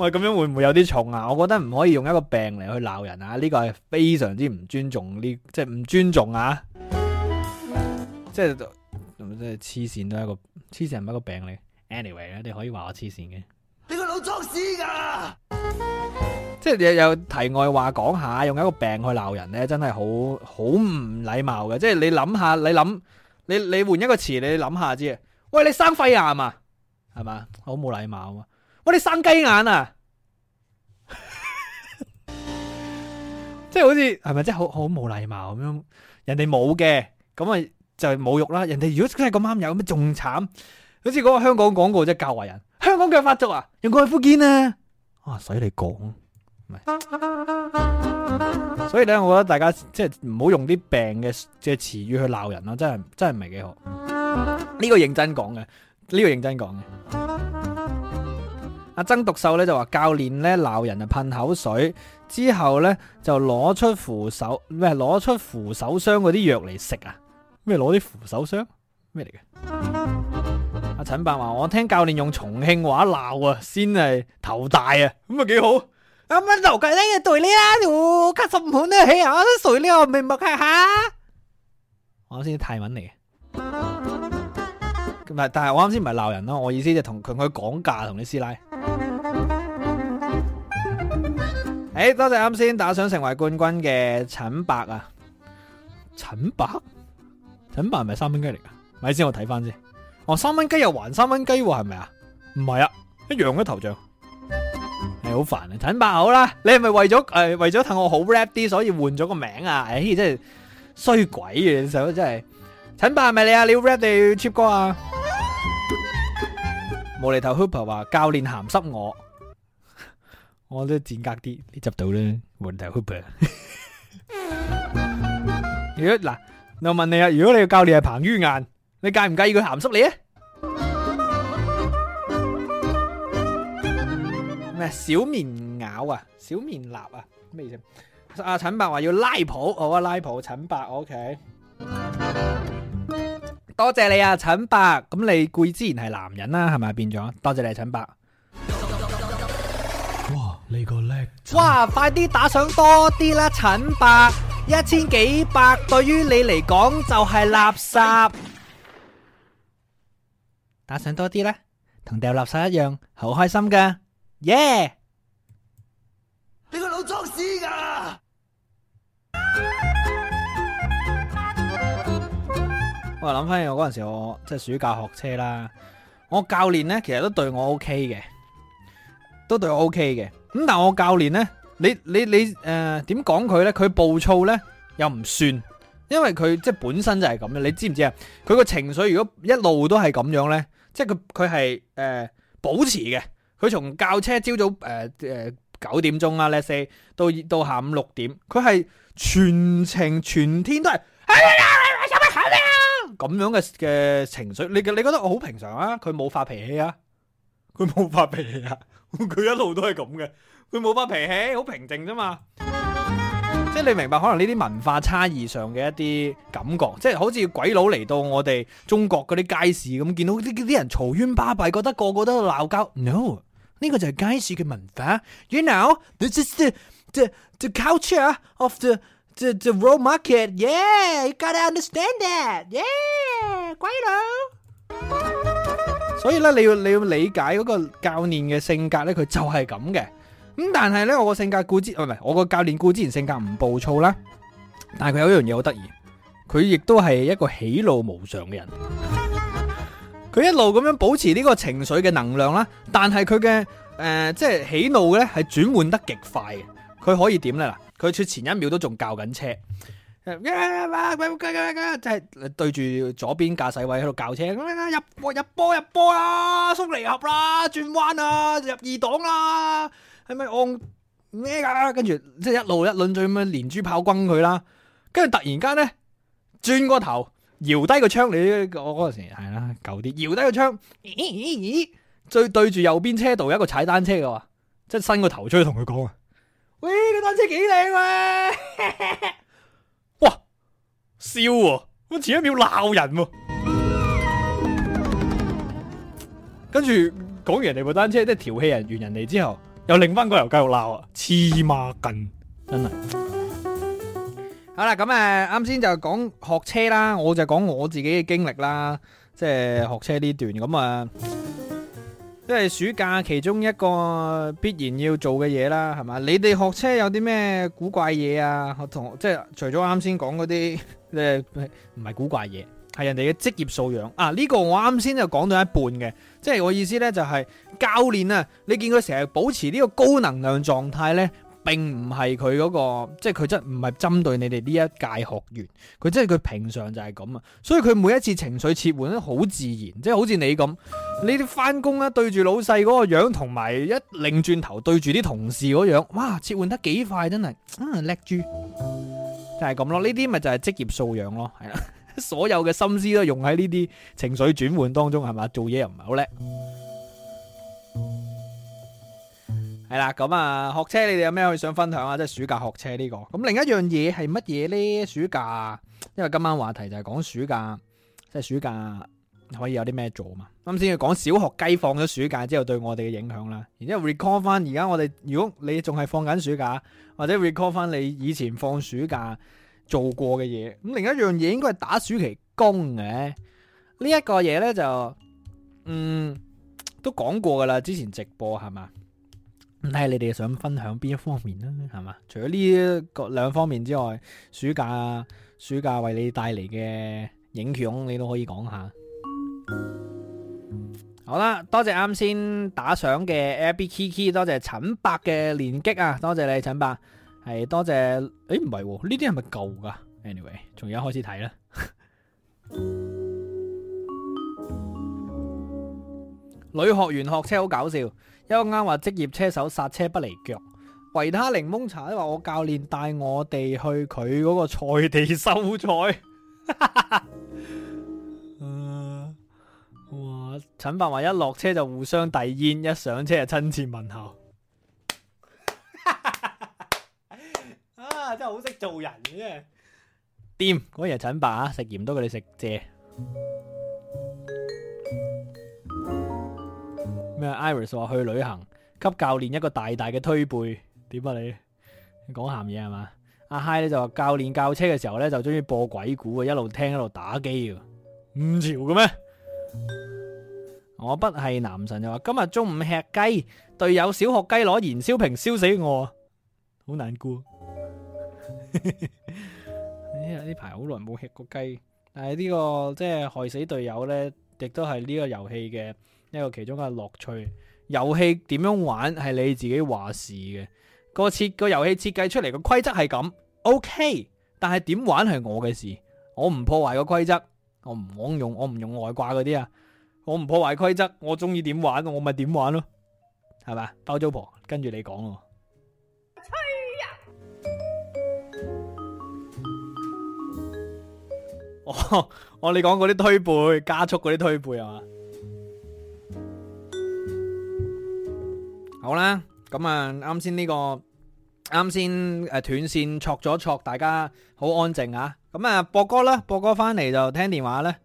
喂，咁樣會唔會有啲重啊？我覺得唔可以用一個病嚟去鬧人啊！呢、呢個係非常之唔尊重，呢即係唔尊重啊！ 即係即係黐線都係一個黐線，係咪一個病嚟。Anyway，你可以話我黐線嘅。你個腦裝屎噶！即係又又題外話講下，用一個病去鬧人咧，真係好好唔禮貌嘅。即係你諗下，你諗你你換一個詞，你諗下知啊？喂，你生肺炎嘛？係嘛？好冇禮貌啊！我哋生雞眼啊，即 係好似係咪，即係好好冇禮貌咁樣，人哋冇嘅，咁啊就係侮辱啦。人哋如果真係咁啱有，咁仲慘。好似嗰個香港廣告即係教壞人，香港腳發作啊，用高去福建啊，啊使你講，所以咧，我覺得大家即係唔好用啲病嘅嘅詞語去鬧人咯，真係真係唔係幾好。呢個認真講嘅，呢個認真講嘅。阿曾獨秀咧就話教練咧鬧人就噴口水，之後咧就攞出扶手咩，攞出扶手箱嗰啲藥嚟食啊？咩攞啲扶手箱？咩嚟嘅？阿陳 伯話我聽教練用重慶話鬧啊，先係頭大啊，咁啊幾好。咁啱鬧鬼啲嘢對呢啊，我十嗽都好呢起啊，啲水呢我明白下我啱先泰文嚟嘅，係 但係我啱先唔係鬧人咯，我意思就同佢佢講價同你師奶。誒、hey，多謝啱先打賞，成為冠軍嘅陳伯啊，陳伯？陳伯係咪三蚊雞嚟㗎？咪先我睇翻先，哦，三蚊雞又還三蚊雞喎，係咪啊？唔係啊，一樣嘅頭像，你好煩啊！陳伯。好啦，你係咪為咗誒、呃、為咗氹我好 rap 啲，所以換咗個名啊？誒、欸，真係衰鬼嘅、啊，想真係，陳伯係咪你啊？你 rap 定切歌啊？無厘 頭 Hooper 話教練咸濕我。我都賤格啲，你執到啦，問題好大。如果嗱，我問你啊，如果你嘅教練係彭于晏，你介唔介意佢鹹濕你啊？咩小棉襖啊，小棉立啊，咩意思？阿陳伯話要拉普，好啊，拉普，陳伯，O K。多謝你啊，陳伯，咁你固然係男人啦，係咪變咗？多謝你，陳伯。你個叻哇！快啲打賞多啲啦，陳伯一千幾百對於你嚟講就係垃圾，哎、打賞多啲啦，同掉垃圾一樣，好開心噶，耶、yeah!！你個老作屎噶！我諗翻起我嗰陣時，我即係暑假學車啦，我教練咧其實都對我 O K 嘅，都對我 O K 嘅。咁但係我教練咧，你你你誒點講佢咧？佢、呃、暴躁咧又唔算，因為佢即係本身就係咁樣。你知唔知啊？佢個情緒如果一路都係咁樣咧，即係佢佢係誒保持嘅。佢從教車朝早誒誒九點鐘啊，咧、呃、四、呃、到到下午六點，佢係全程全天都係咁樣嘅嘅情緒。你你覺得我好平常啊？佢冇發脾氣啊？佢冇發脾氣啊？佢一路都係咁嘅，佢冇發脾氣，好平靜啫嘛。即係你明白可能呢啲文化差異上嘅一啲感覺，即係好似鬼佬嚟到我哋中國嗰啲街市咁，見到啲啲人嘈冤巴閉，覺得個個都喺度鬧交。No，呢個就係街市嘅文化。You know this is the the the culture of the the the raw market. Yeah, you gotta understand that. Yeah，鬼佬。所以咧，你要你要理解嗰個教練嘅性格咧，佢就係咁嘅。咁但係咧，我個性格固之，唔係我個教練固之然性格唔暴躁啦。但係佢有一樣嘢好得意，佢亦都係一個喜怒無常嘅人。佢一路咁樣保持呢個情緒嘅能量啦，但係佢嘅誒，即係喜怒咧，係轉換得極快嘅。佢可以點咧？嗱，佢前一秒都仲教緊車。呀！即 係樂、就是、對住左邊駕駛位喺度教車，入波入波入波啦，鬆離合啦，轉彎啊，入二檔啦，係咪按咩噶？跟住即係一路一輪嘴咁樣連珠炮轟佢啦。跟住突然間咧，轉個頭搖低個窗。你，我嗰陣時係啦舊啲，搖低個窗。咦咦咦，最對住右邊車道有一個踩單車嘅即係伸個頭出去同佢講啊！喂，個單車幾靚啊！燒喎、啊！我前一秒鬧人喎、啊， 跟住講完人部單車即係調戲人完人哋之後，又擰翻個頭繼續鬧啊！黐孖筋，真係。好啦，咁、嗯、啊，啱先就講學車啦，我就講我自己嘅經歷啦，即、就、係、是、學車呢段咁啊。嗯嗯即係暑假其中一個必然要做嘅嘢啦，係嘛？你哋學車有啲咩古怪嘢啊？學同學即係除咗啱先講嗰啲咧，唔 係古怪嘢，係人哋嘅職業素養啊！呢、呢個我啱先就講到一半嘅，即係我意思咧、就係，就係教練啊，你見佢成日保持呢個高能量狀態咧。並唔係佢嗰個，即係佢真係唔係針對你哋呢一屆學員，佢真係佢平常就係咁啊，所以佢每一次情緒切換都好自然，即係好似你咁，你哋翻工，啦對住老細嗰個樣，同埋一擰轉頭對住啲同事嗰樣，哇，切換得幾快，真係叻豬，就係咁咯，呢啲咪就係職業素養咯，係啦，所有嘅心思都用喺呢啲情緒轉換當中，係嘛，做嘢又唔係好叻。係啦，咁啊學車，你哋有咩可以想分享啊？即係暑假學車呢個咁。另一樣嘢係乜嘢呢？暑假，因為今晚話題就係講暑假，即係暑假可以有啲咩做嘛。啱先要講小學雞放咗暑假之後對我哋嘅影響啦。然之後 record 翻而家我哋，如果你仲係放緊暑假，或者 record 翻你以前放暑假做過嘅嘢。咁另一樣嘢應該係打暑期工嘅呢一個嘢呢，就嗯都講過噶啦。之前直播係嘛？睇下你哋想分享邊一方面啦，係嘛？除咗呢個兩方面之外，暑假暑假為你帶嚟嘅影響，你都可以講下。好啦，多謝啱先打賞嘅 ABBY KK 多謝陳伯嘅連擊啊！多謝你陳伯！係多謝。誒，唔係，呢啲係咪舊噶？Anyway，從而家開始睇啦。 女學員學車好搞笑，一個啱話職業車手剎車不離腳，維他檸檬茶都話我教練帶我哋去佢嗰個菜地收菜、 呃。哇！陳伯話一落車就互相遞煙，一上車就親切問候。 啊，真係好識做人嘅，啊。掂嗰日陳伯食鹽都畀你食啫。咩？Iris 話去旅行，給教練一個大大嘅推背，點啊你？你講咸嘢係嘛？阿 Hi 咧就話教練教車嘅時候咧就中意播鬼故，啊，一路聽一路打機啊，唔潮嘅咩？我不係男神就話今日中午吃雞，隊友小學雞攞燃燒瓶燒死我，好難過。呢呢排好耐冇吃過雞，但係呢、呢個即係、就是、害死隊友咧，亦都係呢個遊戲嘅。呢個其中嘅樂趣，遊戲點樣玩係你自己話事嘅。個設個遊戲設計出嚟個規則係咁，OK。但係點玩係我嘅事，我唔破壞個規則，我唔妄用，我唔用外掛嗰啲啊，我唔破壞規則，我中意點玩，我咪點玩咯，係咪？包租婆跟住你講咯。吹啊！哦， 我 你講嗰啲推背加速嗰啲推背係嘛？好啦，咁啊，啱先呢個，啱先誒斷線戳咗戳，大家好安靜啊，咁啊播歌啦，播歌翻嚟就聽電話啦。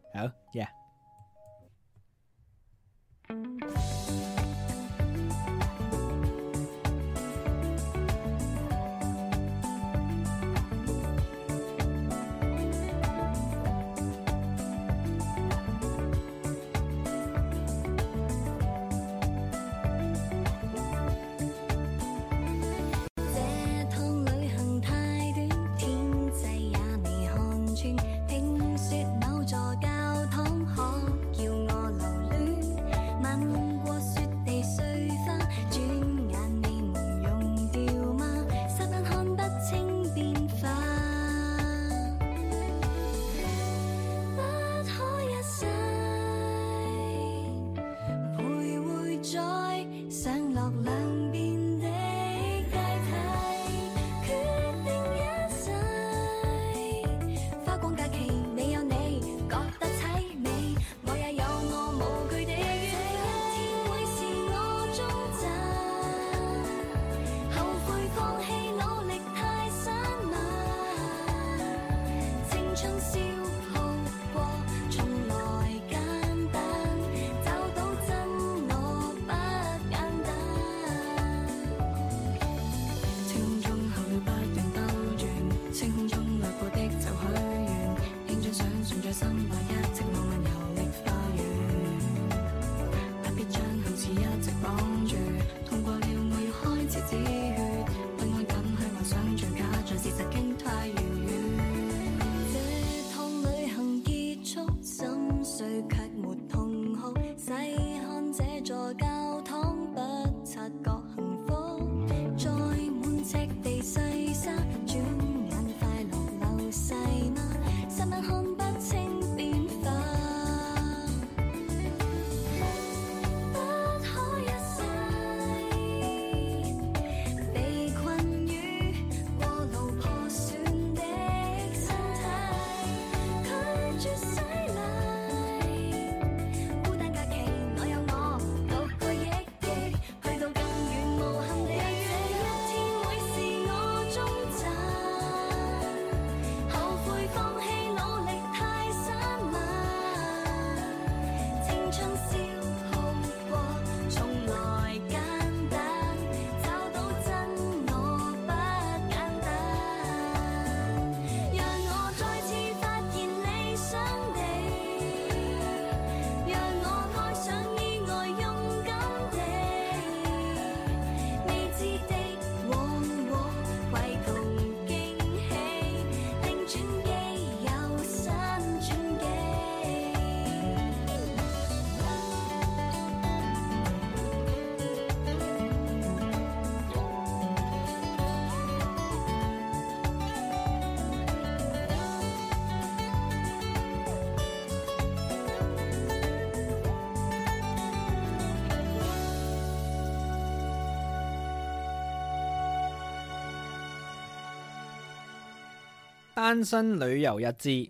單身旅遊一支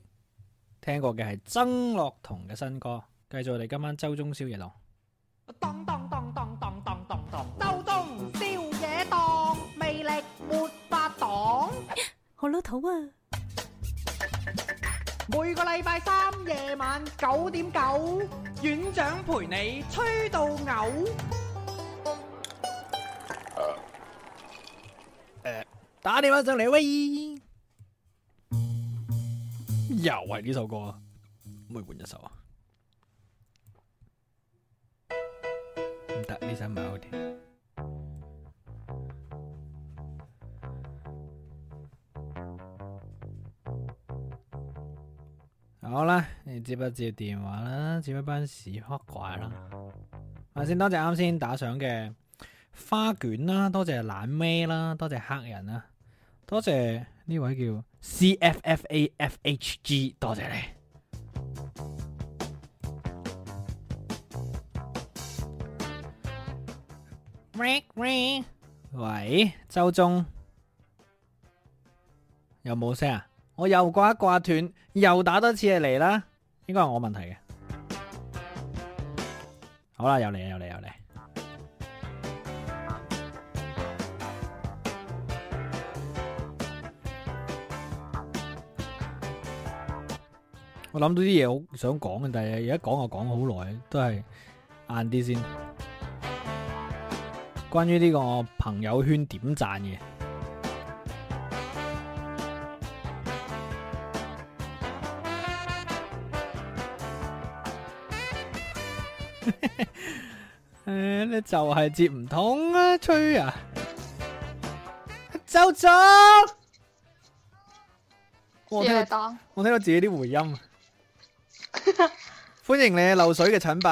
聽過嘅，係曾樂彤嘅新歌，繼續我哋今晚周中宵夜檔。當當當當當當當，周中宵夜檔魅力沒法擋，好老土啊！每個禮拜三夜晚九點九，院長陪你吹到嘔。誒，打電話上嚟。喂。又係呢首歌，可唔可以換一首啊？唔得，呢首唔係好聽 好啦，你接一接電話啦，接一班屎殼怪啦。先多謝啱先打賞嘅花捲啦，多謝懶咩啦，多謝黑人啦，多謝呢位叫。CFFAFHG 多謝你？喂喂，喂，周中有冇聲啊？我又掛一掛斷，又打多次嚟啦，應該係我問題嘅。好啦，又嚟，又嚟，又嚟。我諗到啲嘢，好想講嘅，但係而家講就講好耐，都係晏啲先。關於呢個朋友圈點讚嘅，誒， 你就係接唔通啊？吹啊，周總，我聽到，我聽到自己啲回音。歡迎你漏水嘅陳伯，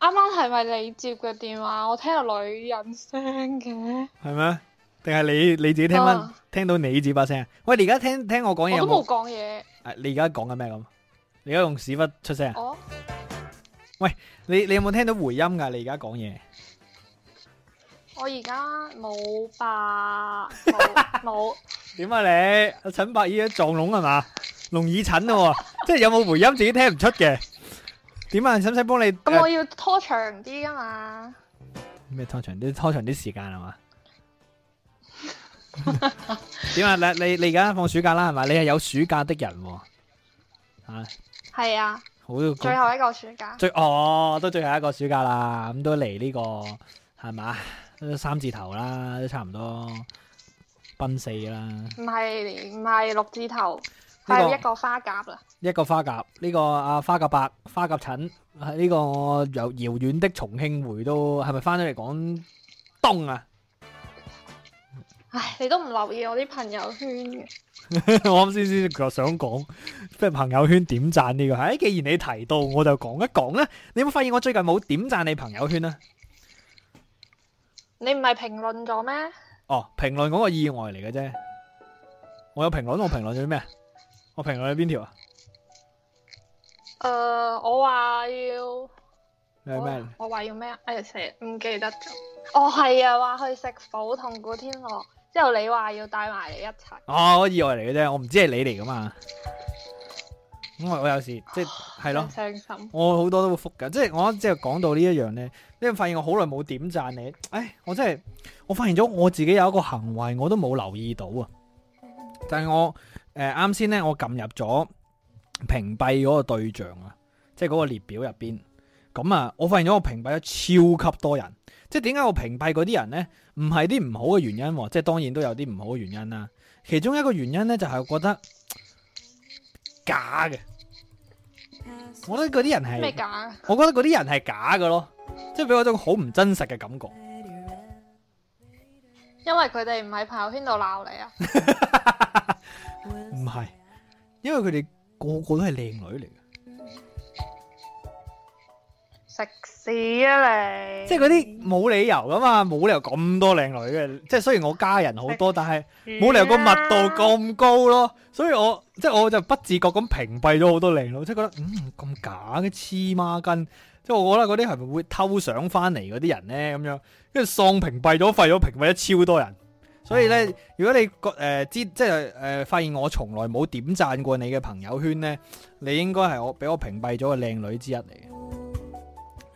啱啱係咪你接嘅電話？我聽下女人聲嘅，係咩？定係你你自己聽翻聽到你自己把聲？喂，你而家聽聽我講嘢，我都冇講嘢。誒，你而家講緊咩咁？你而家用屎忽出聲啊？我喂，你你有冇聽到回音噶？你而家講嘢，我而家冇吧？冇點啊？你陳伯依家撞聾啊嘛？聾耳陳咯，哦， 即係有冇回音自己聽唔出嘅？點啊，使唔使幫你？咁我要拖長啲噶嘛？咩拖長啲？拖長啲時間啊嘛？點 啊？你你你而家放暑假啦係咪？你係有暑假的人喎？啊，係啊，好最後一個暑假最哦，都最後一個暑假啦，咁都嚟呢，這個係咪三字頭啦，都差唔多奔四啦。唔係唔係六字頭。係一個花甲啦，一個花甲呢個啊，花甲伯、花甲陳係呢個由遙遠的重慶回到係咪翻咗嚟廣東啊？唉，你都唔留意我啲朋友圈嘅。我啱先先佢想講，即係朋友圈點讚呢個。唉，既然你提到，我就講一講啦。你有冇發現我最近冇點讚你朋友圈啊？你唔係評論咗咩？哦，評論嗰個意外嚟嘅啫。我有評論，我評論咗咩啊？我評論喺邊條啊？誒，我話要咩？我話要咩？哎呀，慘唔記得咗？我係啊，話去食火同古天樂。之後你話要帶埋你一齊。哦、oh，我以為嚟嘅啫，我唔知係你嚟噶嘛。咁我我有時即係係、oh, 咯，我好多都會復噶，即係我即係講到呢一樣咧，因為發現我好耐冇點贊你。唉，我真係我發現咗我自己有一個行為，我都冇留意到啊，mm. 但係我。誒啱先咧，我撳入咗屏蔽嗰個對象啊，即係嗰個列表入邊。咁啊，我發現咗我屏蔽咗超級多人。即係點解我屏蔽嗰啲人咧？唔係啲唔好嘅原因，即係當然都有啲唔好嘅原因啦。其中一個原因咧，就係我覺得假嘅。我覺得嗰啲人係假？我覺得嗰啲人係假嘅咯，即係俾我一種好唔真實嘅感覺。因為佢哋唔喺朋友圈度鬧你啊！ 係，因為佢哋個個都係靚女嚟嘅。食屎啊你！即係嗰啲冇理由噶嘛，冇理由咁多靚女嘅。即係雖然我家人好多，但係冇理由個密度咁高咯。所以我即係我就不自覺咁屏蔽咗好多靚女，即係覺得嗯，咁假嘅黐孖筋。即係我覺得嗰啲係咪會偷相翻嚟嗰啲人咧咁樣，跟住喪屏蔽咗，廢咗，屏蔽咗超多人。所以咧，如果你覺誒、呃、知即係誒發現我從來冇點讚過你嘅朋友圈咧，你應該係我俾我屏蔽咗個靚女之一嚟嘅。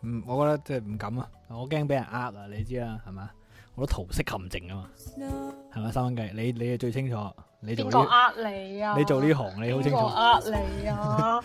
嗯，我覺得即係唔敢啊，我驚俾人呃啊，你知啦，係嘛？我都桃色陷阱啊嘛，係咪三蚊雞？你，你係最清楚。邊個呃你啊？你做呢行，你好清楚。邊個呃你啊？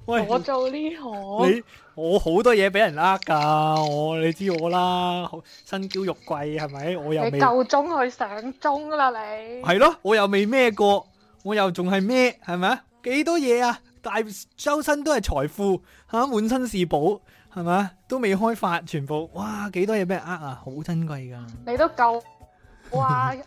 喂，我做呢行，你我好多嘢俾人呃噶，我，我你知我啦，身嬌肉貴係咪？我又未夠鐘去上鐘啦，你係咯？我又未孭過，我又仲係咩？係咪啊？幾多嘢啊？大周身都係財富吓，滿身是寶係咪？都未開發，全部哇，幾多嘢俾人呃啊？好珍貴噶，你都夠哇！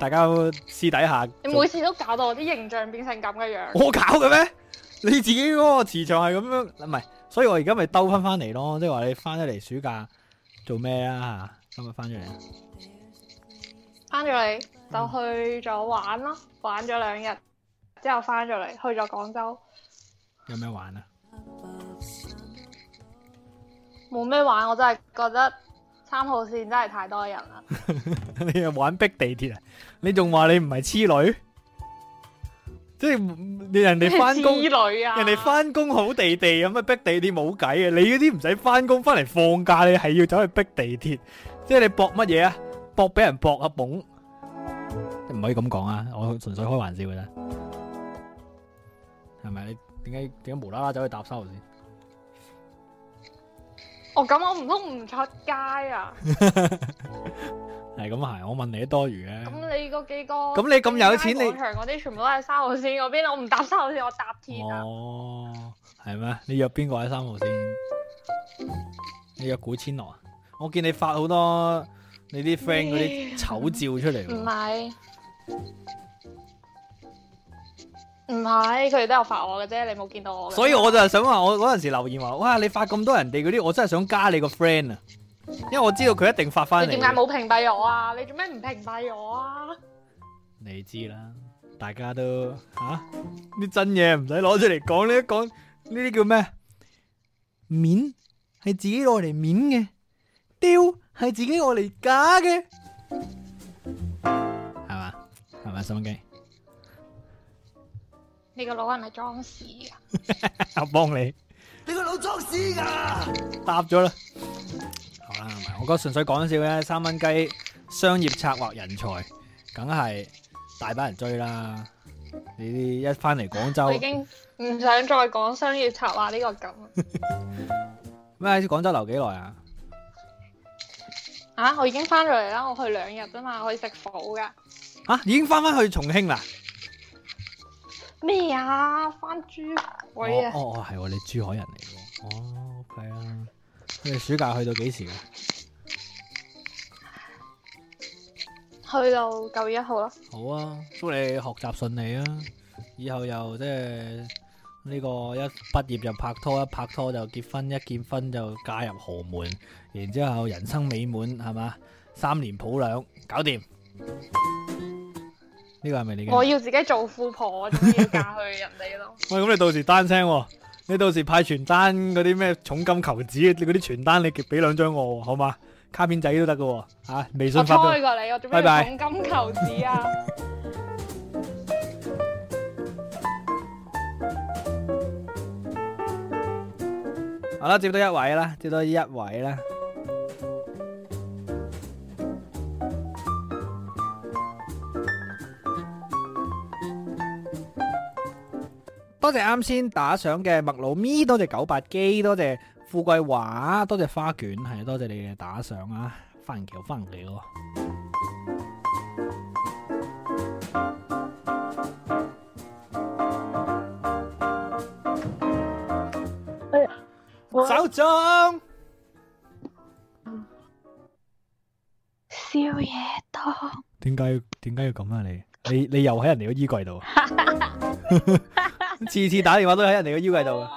大家私底下，你每次都搞到我啲形象變成咁嘅樣。我搞嘅咩？你自己嗰個磁場係咁樣，唔係，所以我而家咪兜翻翻嚟咯。即係話你翻咗嚟暑假做咩啊？吓，今日翻咗嚟，翻咗嚟就去咗玩咯，嗯、玩咗兩日之後翻咗嚟，去咗廣州。有咩玩啊？冇咩玩，我真係覺得。三號綫真係太多人啦！ 你又玩逼地鐵啊？你仲話你唔係癡女？即係你人哋翻工，人哋翻工好地地咁啊！逼地鐵冇計啊！你嗰啲唔使翻工，翻嚟放假，你係要走去逼地鐵？即係你搏乜嘢啊？搏俾人搏啊！懵！唔可以咁講啊！我純粹開玩笑嘅啫，係咪？你點解點解無啦啦走去搭三號綫？咁、哦、我唔通唔出街啊！係咁係，我問你多餘嘅、啊。咁你嗰幾個？咁你咁有錢，你？商場嗰啲全部都係三號線嗰邊，我唔搭三號線，我搭天、啊。哦，係咩？你約邊個喺三號線？你約古千樂啊？我見你發好多你啲 friend 嗰啲醜照出嚟。唔係。唔係唔係，佢哋都有發我嘅啫，你冇見到我。所以我就係想話，我嗰陣時留言話，哇，你發咁多人哋嗰啲，我真係想加你個 friend 啊，因為我知道佢一定發翻。你點解冇屏蔽我啊？你做咩唔屏蔽我啊？你知啦，大家都吓，啲、啊、真嘢唔使攞出嚟講，呢一講呢啲叫咩？面係自己攞嚟面嘅，丟係自己攞嚟假嘅，係嘛？係咪心機？你個腦係咪裝屎噶？我幫你。你個腦裝屎噶？答咗啦。好啦，我覺得純粹講笑啫。三蚊雞商業策劃人才，梗係大把人追啦。你一翻嚟廣州，已經唔想再講商業策劃呢個咁。咩？喺廣州留幾耐啊？啊！我已經翻咗嚟啦。我去兩日啫嘛，可以食火噶。啊！已經翻翻去重慶啦。咩、哦哦、啊？返珠海啊？哦哦係，你珠海人嚟嘅。哦，係、OK、啊。你暑假去到幾時啊？去到九月一號啦。好啊，祝你學習順利啊！以後又即係呢個一畢業就拍拖，一拍拖就結婚，一結婚就嫁入豪門，然之後人生美滿係嘛？三年抱兩，搞掂。呢、這個係咪你？我要自己做富婆，我先要嫁去人哋咯。喂，咁你到時單聲，你到時派傳單嗰啲咩重金求子？你嗰啲傳單你俾兩張我，好嘛？卡片仔都得㗎，吓、啊、微信發。我猜過你，我做咩重金求子啊？ 好啦，接多一位啦，接多一位啦。多謝啱先打賞嘅麥露咪，多謝九八機，多謝富貴華，多謝花卷，係多謝你嘅打賞啊！翻橋，翻嚟誒，手、哎、中少爺多！點解點解要咁啊你？你你你又喺人哋個衣櫃度？ 次次打電話都喺人哋嘅腰度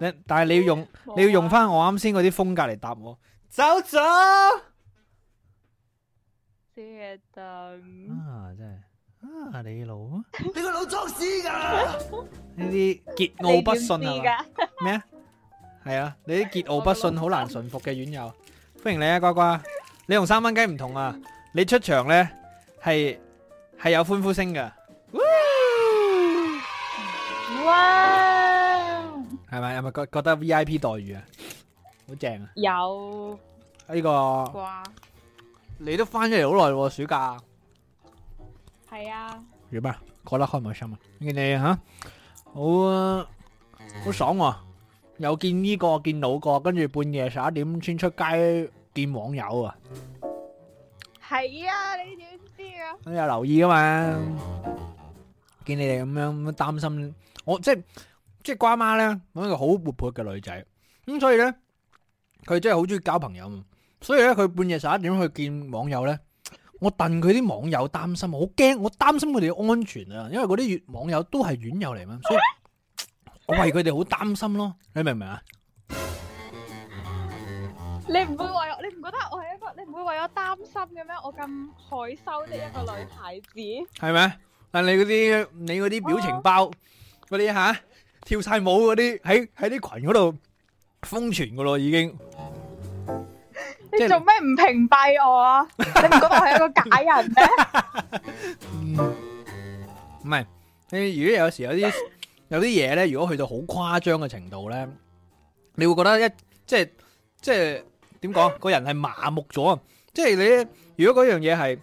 嘅，但係你要用你要用翻我啱先嗰啲風格嚟答我。走咗，跌凳。啊真係，啊你老啊，你個老作屎噶，呢啲桀驁不馴啊！咩啊？係啊，你啲桀驁不馴好難馴服嘅院友，歡迎你啊，瓜瓜。你同三蚊雞唔同啊，你出場咧係係有歡呼聲嘅。哇！係咪係咪覺覺得 VIP 待遇啊？好正啊！有呢個。哇！你都翻咗嚟好耐咯，暑假。係啊。點啊？過得開唔開心啊？見你吓，好啊，好，好爽啊！又見呢個，見老個，跟住半夜十一點先出街見網友啊！係啊，你點知啊？咁有留意吖嘛？見、嗯、你哋咁樣擔心。我即係即係瓜媽咧，我、那、一個好活潑嘅女仔，咁所以咧，佢真係好中意交朋友，所以咧，佢半夜十一點去見網友咧，我戥佢啲網友擔心，我好驚，我擔心佢哋嘅安全啊！因為嗰啲網友都係院友嚟嘛，所以我為佢哋好擔心咯，你明唔明啊？你唔會為我，你唔覺得我係一個你唔會為我擔心嘅咩？我咁害羞的一個女孩子，係咪？但你啲你嗰啲表情包。Oh. 嗰啲吓跳晒舞嗰啲喺喺啲群嗰度瘋傳噶咯，已經你、啊。 你做咩唔屏蔽我？你唔覺得我係一個假人咩？唔 係、嗯，你如果有時有啲有啲嘢咧，如果去到好誇張嘅程度咧，你會覺得一即係即係點講？個人係麻木咗，即係你如果嗰樣嘢係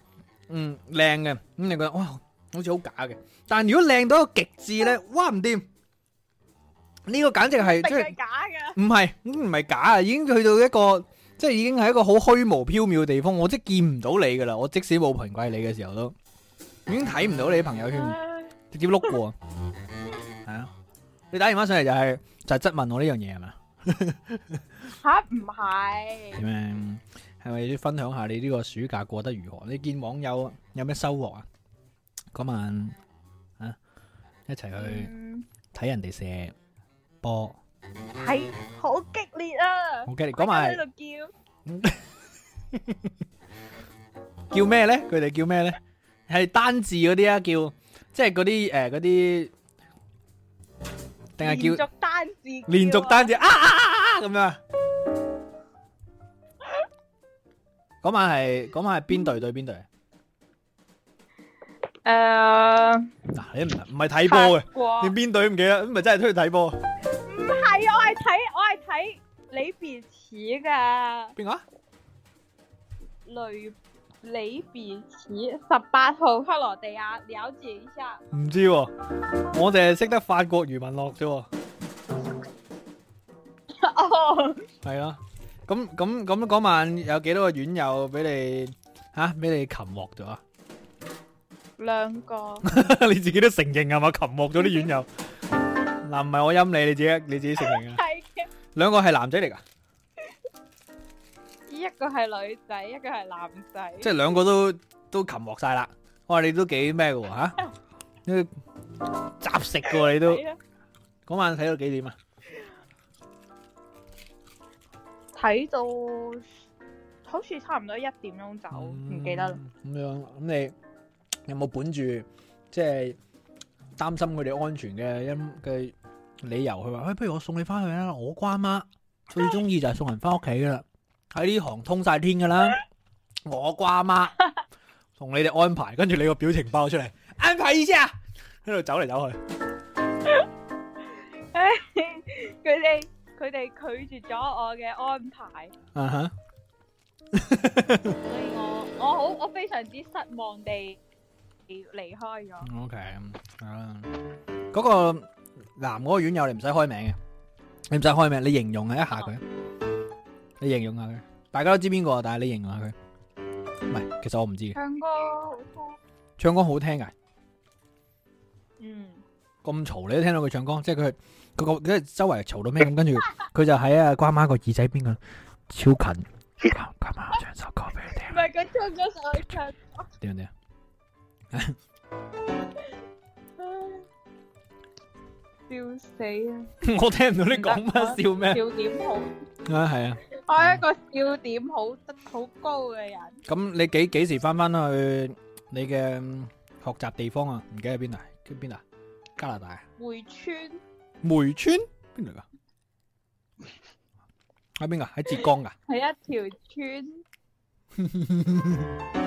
嗯靚嘅，咁你覺得哇？哦好似好假嘅，但如果靚到一個極致咧，哇唔掂！呢、這個簡直係真係假嘅，唔係唔係假啊，已經去到一個即係已經係一個好虛無縹緲嘅地方，我即係見唔到你噶啦，我即使冇屏蔽你嘅時候都已經睇唔到你嘅朋友圈，直接碌過。係 啊，你打電話上嚟就係、是、就係、是、質問我呢樣嘢係嘛？吓唔係？係係咪要分享下你呢個暑假過得如何？你見網友有咩收穫啊？嗰晚啊，一齊去睇人哋射波，係好激烈啊！好激烈，講埋喺度叫，叫咩咧？佢哋叫咩咧？係單字嗰啲啊，叫即係嗰啲誒，嗰啲定係叫連續單字連續單字啊啊啊啊咁樣。嗰晚係嗰晚係邊隊對邊隊？誒，嗱你唔唔係睇波嘅，連邊隊唔記得，咁咪真係出去睇波？唔係，我係睇我係睇裏邊似嘅。邊個，啊？雷雷比奇十八號克羅地亞，了解一下。唔知喎，啊，我淨係識得法國余文樂啫。哦，係啊，咁咁咁嗰晚有幾多個院友俾你吓俾你擒獲咗啊？兩個你自己都承認係嘛？琴臥咗啲軟肉嗱，唔係我陰你，你自己你自己承認啊！係嘅，兩個係男仔嚟噶，一個係女仔，一個係男仔。即係兩個都都琴臥晒啦！我話你都幾咩嘅吓，雜食嘅你都。嗰晚睇到幾點啊？睇到好似差唔多一點鐘走，唔記得啦。咁樣咁你？有冇本住即係擔心佢哋安全嘅，因嘅理由？佢話，哎，不如我送你翻去啦！我瓜媽最中意就係送人翻屋企噶啦，喺呢行通曬天噶啦！我瓜媽同你哋安排，跟住你個表情包出嚟安排意思啊？喺度走嚟走去。唉，佢哋佢哋拒絕咗我嘅安排。啊哈！所以我我好我非常之失望地。離開咗。O K，嗰個男嗰個院友你唔使，你唔使開名嘅，你唔使開名，你形容一下一下佢，哦嗯，你形容下佢，大家都知邊個，但係你形容下佢，唔係，其實我唔知。唱歌好聽，唱歌好聽嘅，嗯，咁嘈你都聽到佢唱歌，即係佢佢個即係周圍嘈到咩咁， 跟住佢就喺阿瓜媽個耳仔邊噶，超近，咁啊，唱首歌俾你聽，唔係佢唱歌，同我唱歌，點樣點樣？行笑死啊！我聽唔到你講乜笑咩？笑點好啊，係啊！我係一個笑點好得好高嘅人。咁你幾幾時翻翻去你嘅學習地方啊？唔記得邊啊？邊啊？加拿大啊？梅村。梅村邊度噶？喺邊噶？喺浙江噶？喺一條村。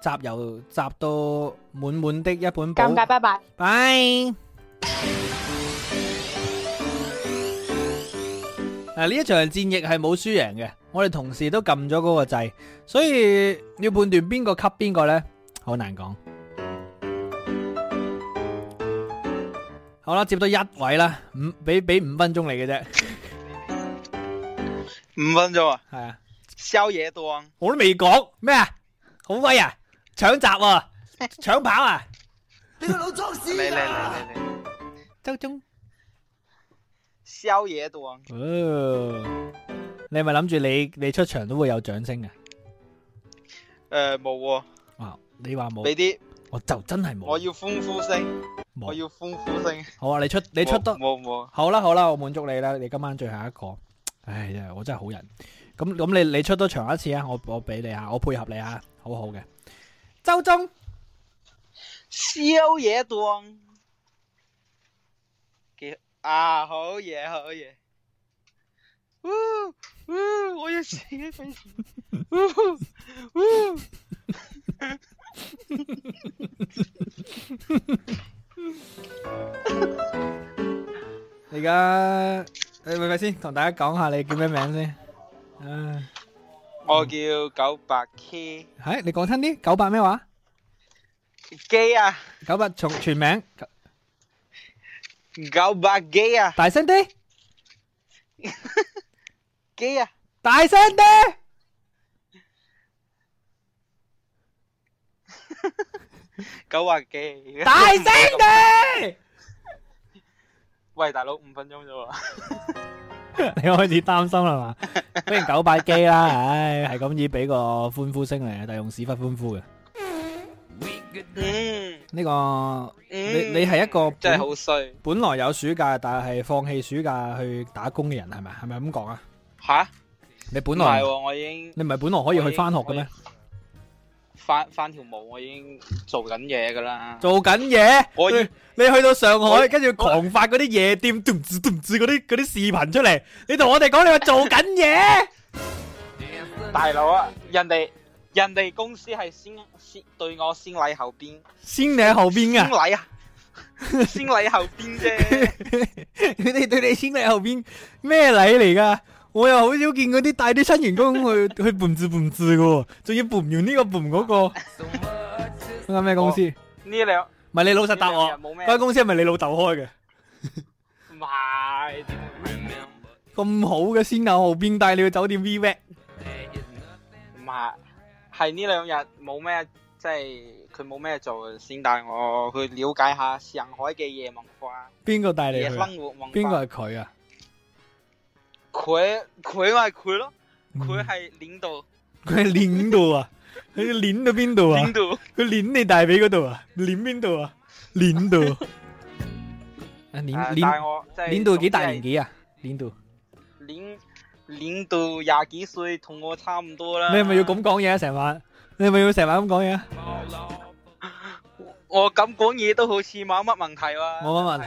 集油集到滿滿的一本本，尷尬，拜拜，拜。誒，呢一場戰役係冇輸贏嘅，我哋同事都撳咗嗰個掣，所以要判斷邊個吸邊個咧，好難講。好啦，接到一位啦，五俾俾五分鐘嚟嘅啫，五分鐘啊，係啊，宵夜檔，我都未講咩啊，好威啊！搶閘喎，搶跑啊！你個老裝屎噶。嚟嚟嚟嚟嚟。周中，宵夜度。哦，你係咪諗住你你出場都會有掌聲嘅？誒，冇。哇，你話冇？俾啲，我就真係冇。我要歡呼聲，我要歡呼聲。好啊，你出你出得。冇冇。好啦好啦，我滿足你啦。你今晚最後一個，唉呀，我真係好人。咁咁，你你出多場一次啊？我我俾你啊，我配合你啊，好好嘅。收中，宵夜檔，叫啊，好嘢好嘢！嗚嗚，我要死嘅本事，嗚嗚，哈哈哈哈哈，而家誒，咪咪先，同大家講下你叫咩名先，唉。我叫九百 K。係，你講親啲九百咩話？機啊！九百從全名九百機啊！大聲啲！機啊！大聲啲！九百機！大聲啲！喂，大佬，五分鐘啫喎。 你開始擔心啦嘛， 不如九百機啦，唉，係咁以俾個歡呼聲嚟，但係用屎忽歡呼嘅。呢、嗯這個，嗯、你你係一個真係好衰，本來有暑假，但係放棄暑假去打工嘅人係咪？係咪咁講啊？吓，你本來、哦、我已經，你唔係本來可以去返學嘅咩？翻翻條毛，我已經做緊嘢噶啦，做緊嘢。我你去到上海，跟住狂發嗰啲夜店、嘟嘟嘟嗰啲嗰啲視頻出嚟，你同我哋講你話做緊嘢，大佬啊！人哋人哋公司係先先對我先禮後兵，先禮後兵啊，先禮啊，先禮後兵啫。你哋對你先禮後兵咩禮嚟噶？我又好少見嗰啲帶啲新員工去去盤住盤住嘅，仲要盤完呢個盤嗰個。間咩公司？呢兩唔係你老實答我。冇咩？間公司係咪你老豆開嘅？唔係。咁好嘅先啊，邊帶你去酒店 review。唔係，係呢兩日冇咩，即係佢冇咩做，先帶我去了解下上海嘅夜文化。邊個帶你去？夜生活文化。邊個係佢啊？佢佢咪佢咯，佢係領導，佢係領導啊，佢 領到邊度啊？領導？佢領你大髀嗰度啊？領邊度啊？領到，啊？領領領度幾大年紀啊？領到，領領度廿幾歲，同我差唔多啦，啊。你係咪要咁講嘢啊成晚？你係咪要成晚咁講嘢？Oh, no. 我咁講嘢都好似冇乜問題喎，冇乜問題，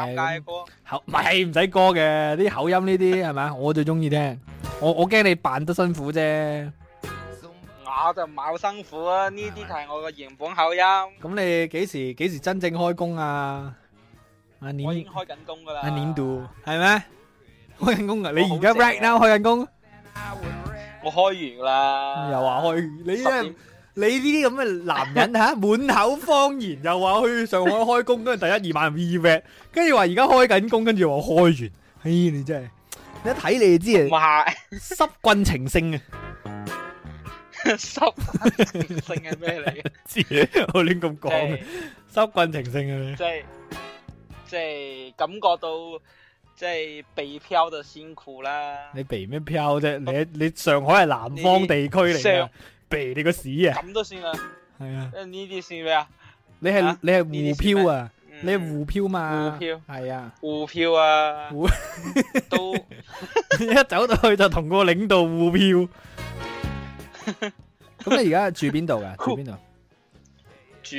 尷尬嘅歌，口唔係唔使歌嘅，啲口音呢啲係咪啊？我最中意聽，我我驚你扮得辛苦啫，我就冇辛苦啊！呢啲就係我嘅原本口音。咁你幾時幾時真正開工啊？啊年已經開緊工噶啦，喺年度係咩？開緊工啊！你而家 right now 開緊工？我開完啦，又話開？你？你呢啲咁嘅男人吓，滿、 啊、口謊言，又話去上海開工都係第一二晚 wechat 跟住話而家開緊工，跟住話開完，嘿你真係，一睇你就知哇，濕棍情聖啊，濕 棍情聖係咩嚟嘅？我亂咁講嘅，濕、就是、棍情聖啊，即係即係感覺到即係、就是、被漂就辛苦啦。你被咩漂啫？你你上海係南方地區嚟嘅。 避你個屎啊！咁都算啊？係啊。呢啲算咩啊？你係你係滬漂啊？你係滬漂嘛？滬漂。係啊，滬漂啊。都一走到去就同個領導滬漂。咁你而家住邊度噶？住邊度？住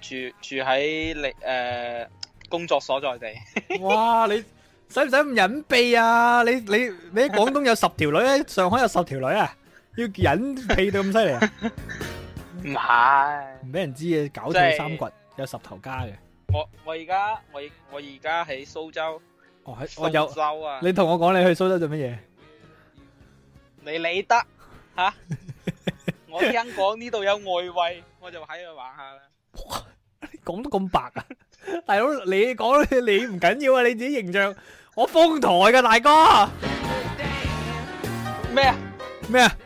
住住喺你誒工作所在地。哇！你使唔使咁隱蔽啊？你你你喺廣東有十條女，喺上海有十條女啊？要忍氣到咁犀利啊？唔係，唔俾人知嘅，搞到三掘有十頭家嘅。我我而家我我而家喺蘇州。哦，喺我有州啊！你同我講你去蘇州做乜嘢？你理得吓？我聽講呢度有外圍，我就喺度玩下啦。哇，你講得咁白啊！大佬，你講你唔緊要啊！你自己形象，我封台㗎大哥。咩啊？咩啊？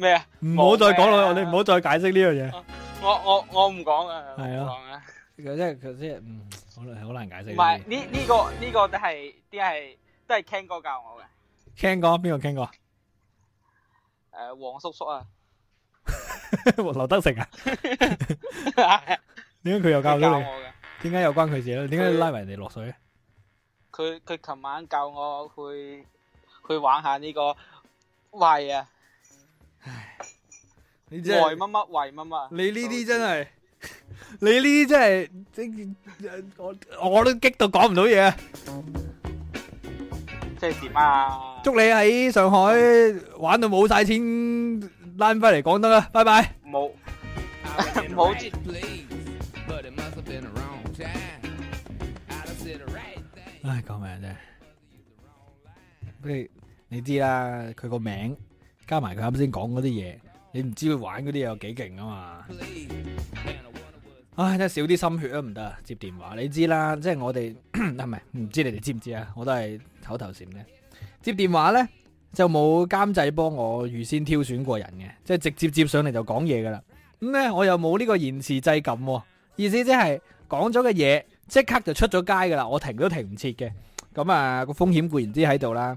咩啊？唔好再講落我你唔好再解釋呢樣嘢。我我我唔講啊。係咯。講啊。即係即係，嗯，可能好難解釋。唔係呢呢個呢、這個都係啲係都係 Ken 哥教我嘅。Ken 哥邊個 Ken 哥？誒、啊，黃叔叔啊。劉 德成啊。點解佢又教唔到你？點解又關佢事咧？點解拉埋人哋落水？佢佢琴晚教我去去玩下呢個喂啊！唉，你知唔知為乜乜為乜乜？你呢啲真係，你呢啲真係，我我都激到講唔到嘢。即係點啊？祝你喺上海玩到冇晒錢，翻翻嚟講得啦！拜拜。冇，冇接。唉，講咩啫？你你知啦，佢個名。加埋佢啱先講嗰啲嘢，你唔知佢玩嗰啲嘢有幾勁啊嘛？唉，真係少啲心血啊，唔得。接電話，你知啦，即係我哋唔係唔知你哋知唔知啊？我都係口頭禪咧。接電話咧就冇監製幫我預先挑選過人嘅，即係直接接上嚟就講嘢噶啦。咁咧我又冇呢個延時制咁，意思即係講咗嘅嘢即刻就出咗街噶啦，我停都停唔切嘅。咁啊個風險固然之喺度啦，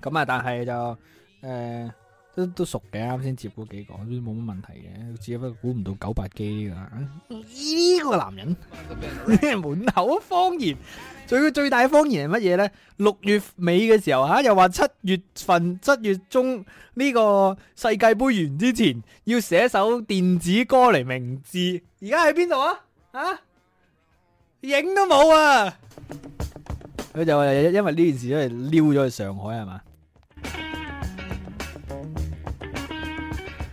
咁啊但係就。誒、呃，都都熟嘅，啱先接嗰幾個都冇乜問題嘅，只不過估唔到九百幾㗎！呢、這個男人咩 口謊言， 最最大謊言係乜嘢咧？六月尾嘅時候吓、啊，又話七月份、七月中呢、這個世界杯完之前要寫首電子歌嚟名字。而家喺邊度啊？吓、啊、影都冇啊！佢就話因為呢件事，因為溜咗去上海係嘛？是吧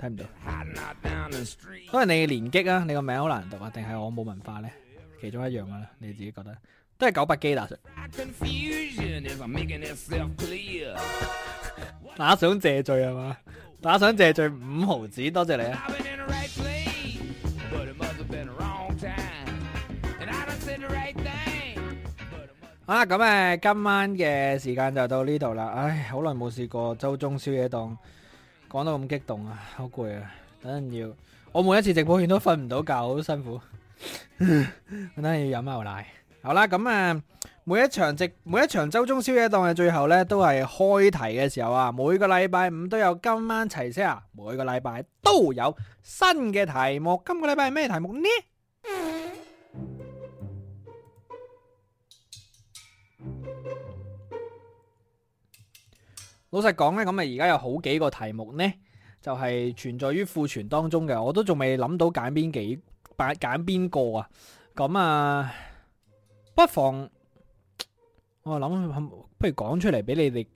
睇唔到，可能你年紀啊，你個名好難讀啊，定係我冇文化咧？其中一樣啦，你自己覺得都係九百幾啦 打賞謝罪係嘛？打賞謝罪五毫子，多謝你啊！好、 啊、今晚嘅時間就到呢度啦。唉，好耐冇試過周中宵夜檔。講到咁激動啊，好攰啊，等陣要我每一次直播完都瞓唔到覺，好辛苦。等陣要飲牛奶。好啦，咁啊，每一場直每一場周中宵夜檔嘅最後呢，都係開題嘅時候啊！每個禮拜五都有今晚齊聲啊！每個禮拜都有新嘅題目，今個禮拜係咩題目呢？老實講咧，咁啊而家有好幾個題目呢，就係存在於庫存當中嘅，我都仲未諗到揀邊幾揀揀邊個啊！咁啊，不妨我諗不如講出嚟俾你哋，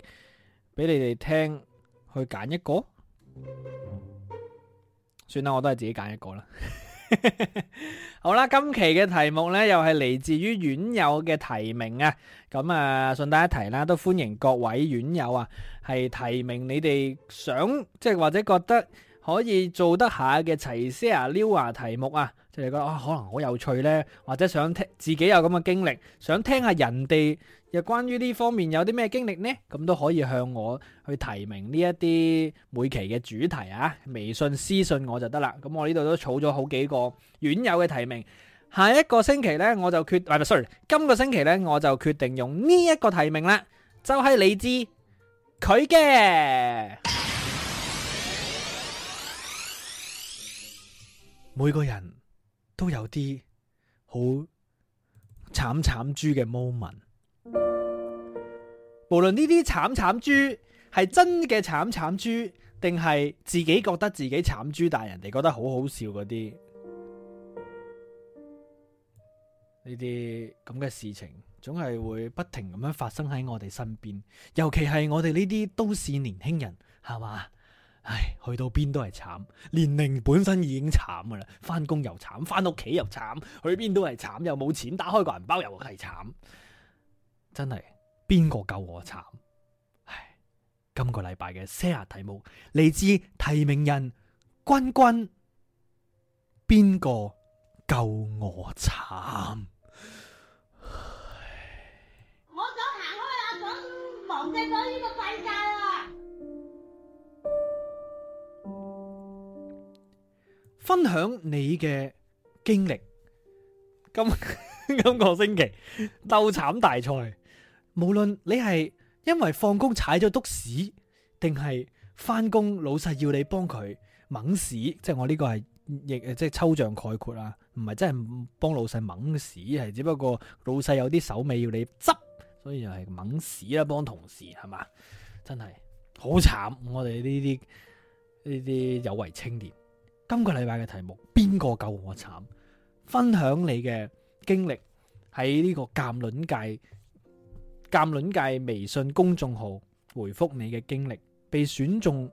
俾你哋聽去揀一個。算啦，我都係自己揀一個啦。 好啦，今期嘅題目咧，又係嚟自於院友嘅提名啊。咁啊，順帶一提啦，都歡迎各位院友啊，係提名你哋想，即係或者覺得可以做得下嘅齊思啊、撩啊題目啊。即係覺得啊，可能好有趣咧，或者想聽自己有咁嘅經歷，想聽下人哋又關於呢方面有啲咩經歷呢？咁都可以向我去提名呢一啲每期嘅主題啊，微信私信我就得啦。咁我呢度都儲咗好幾個院友嘅提名。下一個星期咧，我就決唔係唔係 sorry，今個星期咧我就決定用呢一個提名啦，就係你知佢嘅每個人。都有啲好慘慘豬嘅 moment，無論呢啲慘慘豬係真嘅慘慘豬，定係自己覺得自己慘豬，但係人哋覺得好好笑嗰啲，呢啲咁嘅事情總係會不停咁樣發生喺我哋身邊，尤其係我哋呢啲都市年輕人，係嘛？唉，去到邊都係慘，年齡本身已經慘噶啦，翻工又慘，翻屋企又慘，去邊都係慘，又冇錢打開個銀包又係慘，真係邊個救我慘？唉，今個禮拜嘅 s h 題目嚟自提名人君君，邊個救我慘？分享你嘅經歷，今今個星期鬥慘大賽，無論你係因為放工踩咗篤屎，定係翻工老細要你幫佢掹屎，即係我呢個係亦即係抽象概括啦，唔係真係幫老細掹屎，係只不過老細有啲手尾要你執，所以又係掹屎啦，幫同事係嘛，真係好慘，我哋呢啲呢啲有為青年。今個禮拜嘅題目，邊個夠我慘？分享你嘅經歷，喺呢個鑑論界、鑑論界微信公眾號回覆你嘅經歷，被選中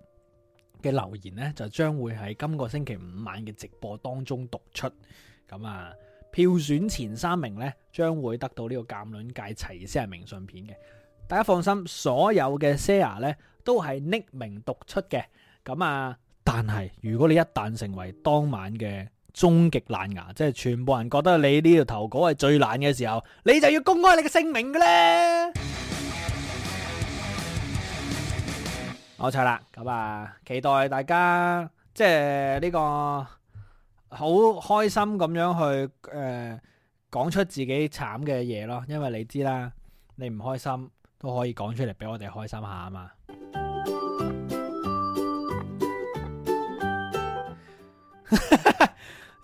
嘅留言呢，就將會喺今個星期五晚嘅直播當中讀出。咁啊，票選前三名呢，將會得到呢個鑑論界齊先係明信片嘅。大家放心，所有嘅 share 呢都係匿名讀出嘅。咁啊。但係，如果你一旦成為當晚嘅終極爛牙，即係全部人覺得你呢條投稿係最爛嘅時候，你就要公開你嘅姓名嘅。呢我錯啦，咁啊，期待大家即係呢、這個好開心咁樣去誒講、呃、出自己慘嘅嘢咯，因為你知啦，你唔開心都可以講出嚟俾我哋開心一下啊嘛。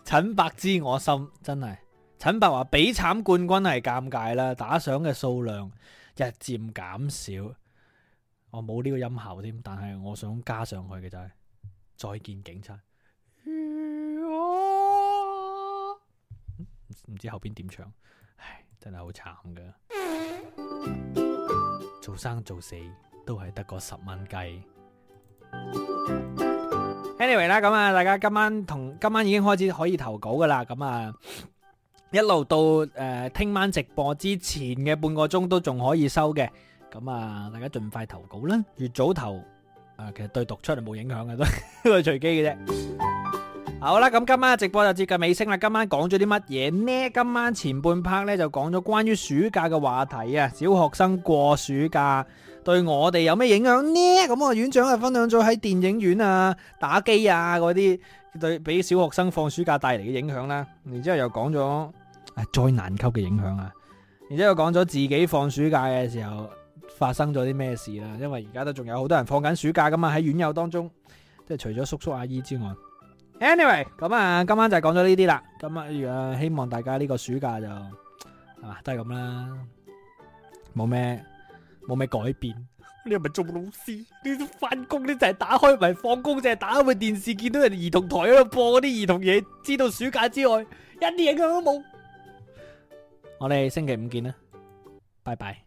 陳 伯知我心，真係陳伯話比慘冠軍係尷尬啦，打賞嘅數量日漸減少，我冇呢個音效添，但係我想加上去嘅就係再見警察，唔、嗯、知後邊點唱，唉，真係好慘噶，做生做死都係得個十蚊雞。Anyway 啦，咁啊，大家今晚同今晚已經開始可以投稿噶啦，咁啊一路到誒聽、呃、晚直播之前嘅半個鐘都仲可以收嘅，咁啊大家盡快投稿啦，越早投啊、呃、其實對讀出嚟冇影響嘅都係隨機嘅啫。好啦，咁今晚嘅直播就接近尾聲啦，今晚講咗啲乜嘢呢？今晚前半 part 咧就講咗關於暑假嘅話題啊，小學生過暑假。對我哋有咩影響呢？咁啊，院長啊分享咗喺電影院啊、打機啊嗰啲對俾小學生放暑假帶嚟嘅影響啦。然之後又講咗誒災難級嘅影響啊。然之後講咗自己放暑假嘅時候發生咗啲咩事啦。因為而家都仲有好多人放緊暑假㗎嘛。喺院友當中，即係除咗叔叔阿姨之外。Anyway，咁啊，今晚就講咗呢啲啦。今晚啊，希望大家呢個暑假就係嘛、啊、都係咁啦，冇咩。冇咩改變，你係咪做老師？你翻工你就係打開，唔係放工淨係打開部電視，見到人哋兒童台喺度播嗰啲兒童嘢，知道暑假之外一啲影響都冇。我哋星期五見啦，拜拜。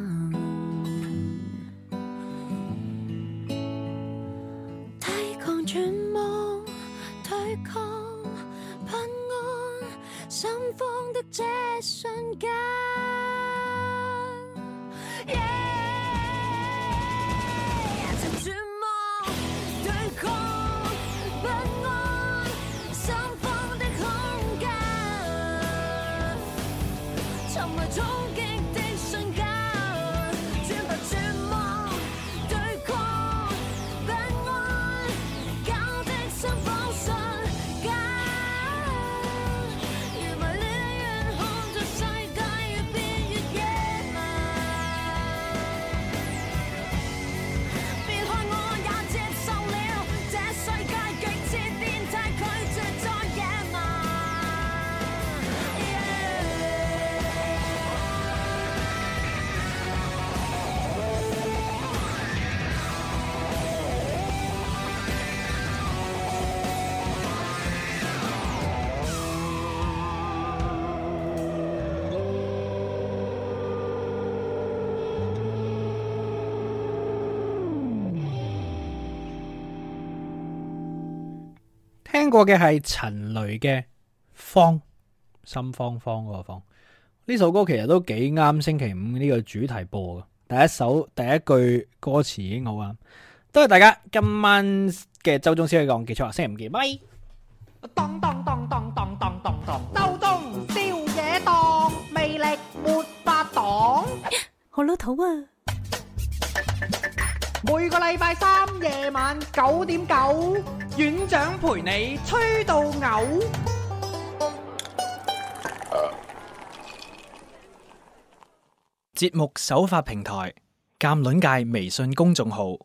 過嘅係陳雷嘅《方心慌慌》嗰個「方」，呢首歌其實都幾啱星期五呢個主題播嘅。第一首第一句歌詞已經好啱，多謝大家今晚嘅周中宵夜，我記錯啊！星期五見，咪當當當，當當當當當當當，周中宵夜當，魅力沒法擋，好老土啊！每個禮拜三夜晚九點九，院長陪你吹到嘔。節目首發平台：鑒卵界微信公眾號。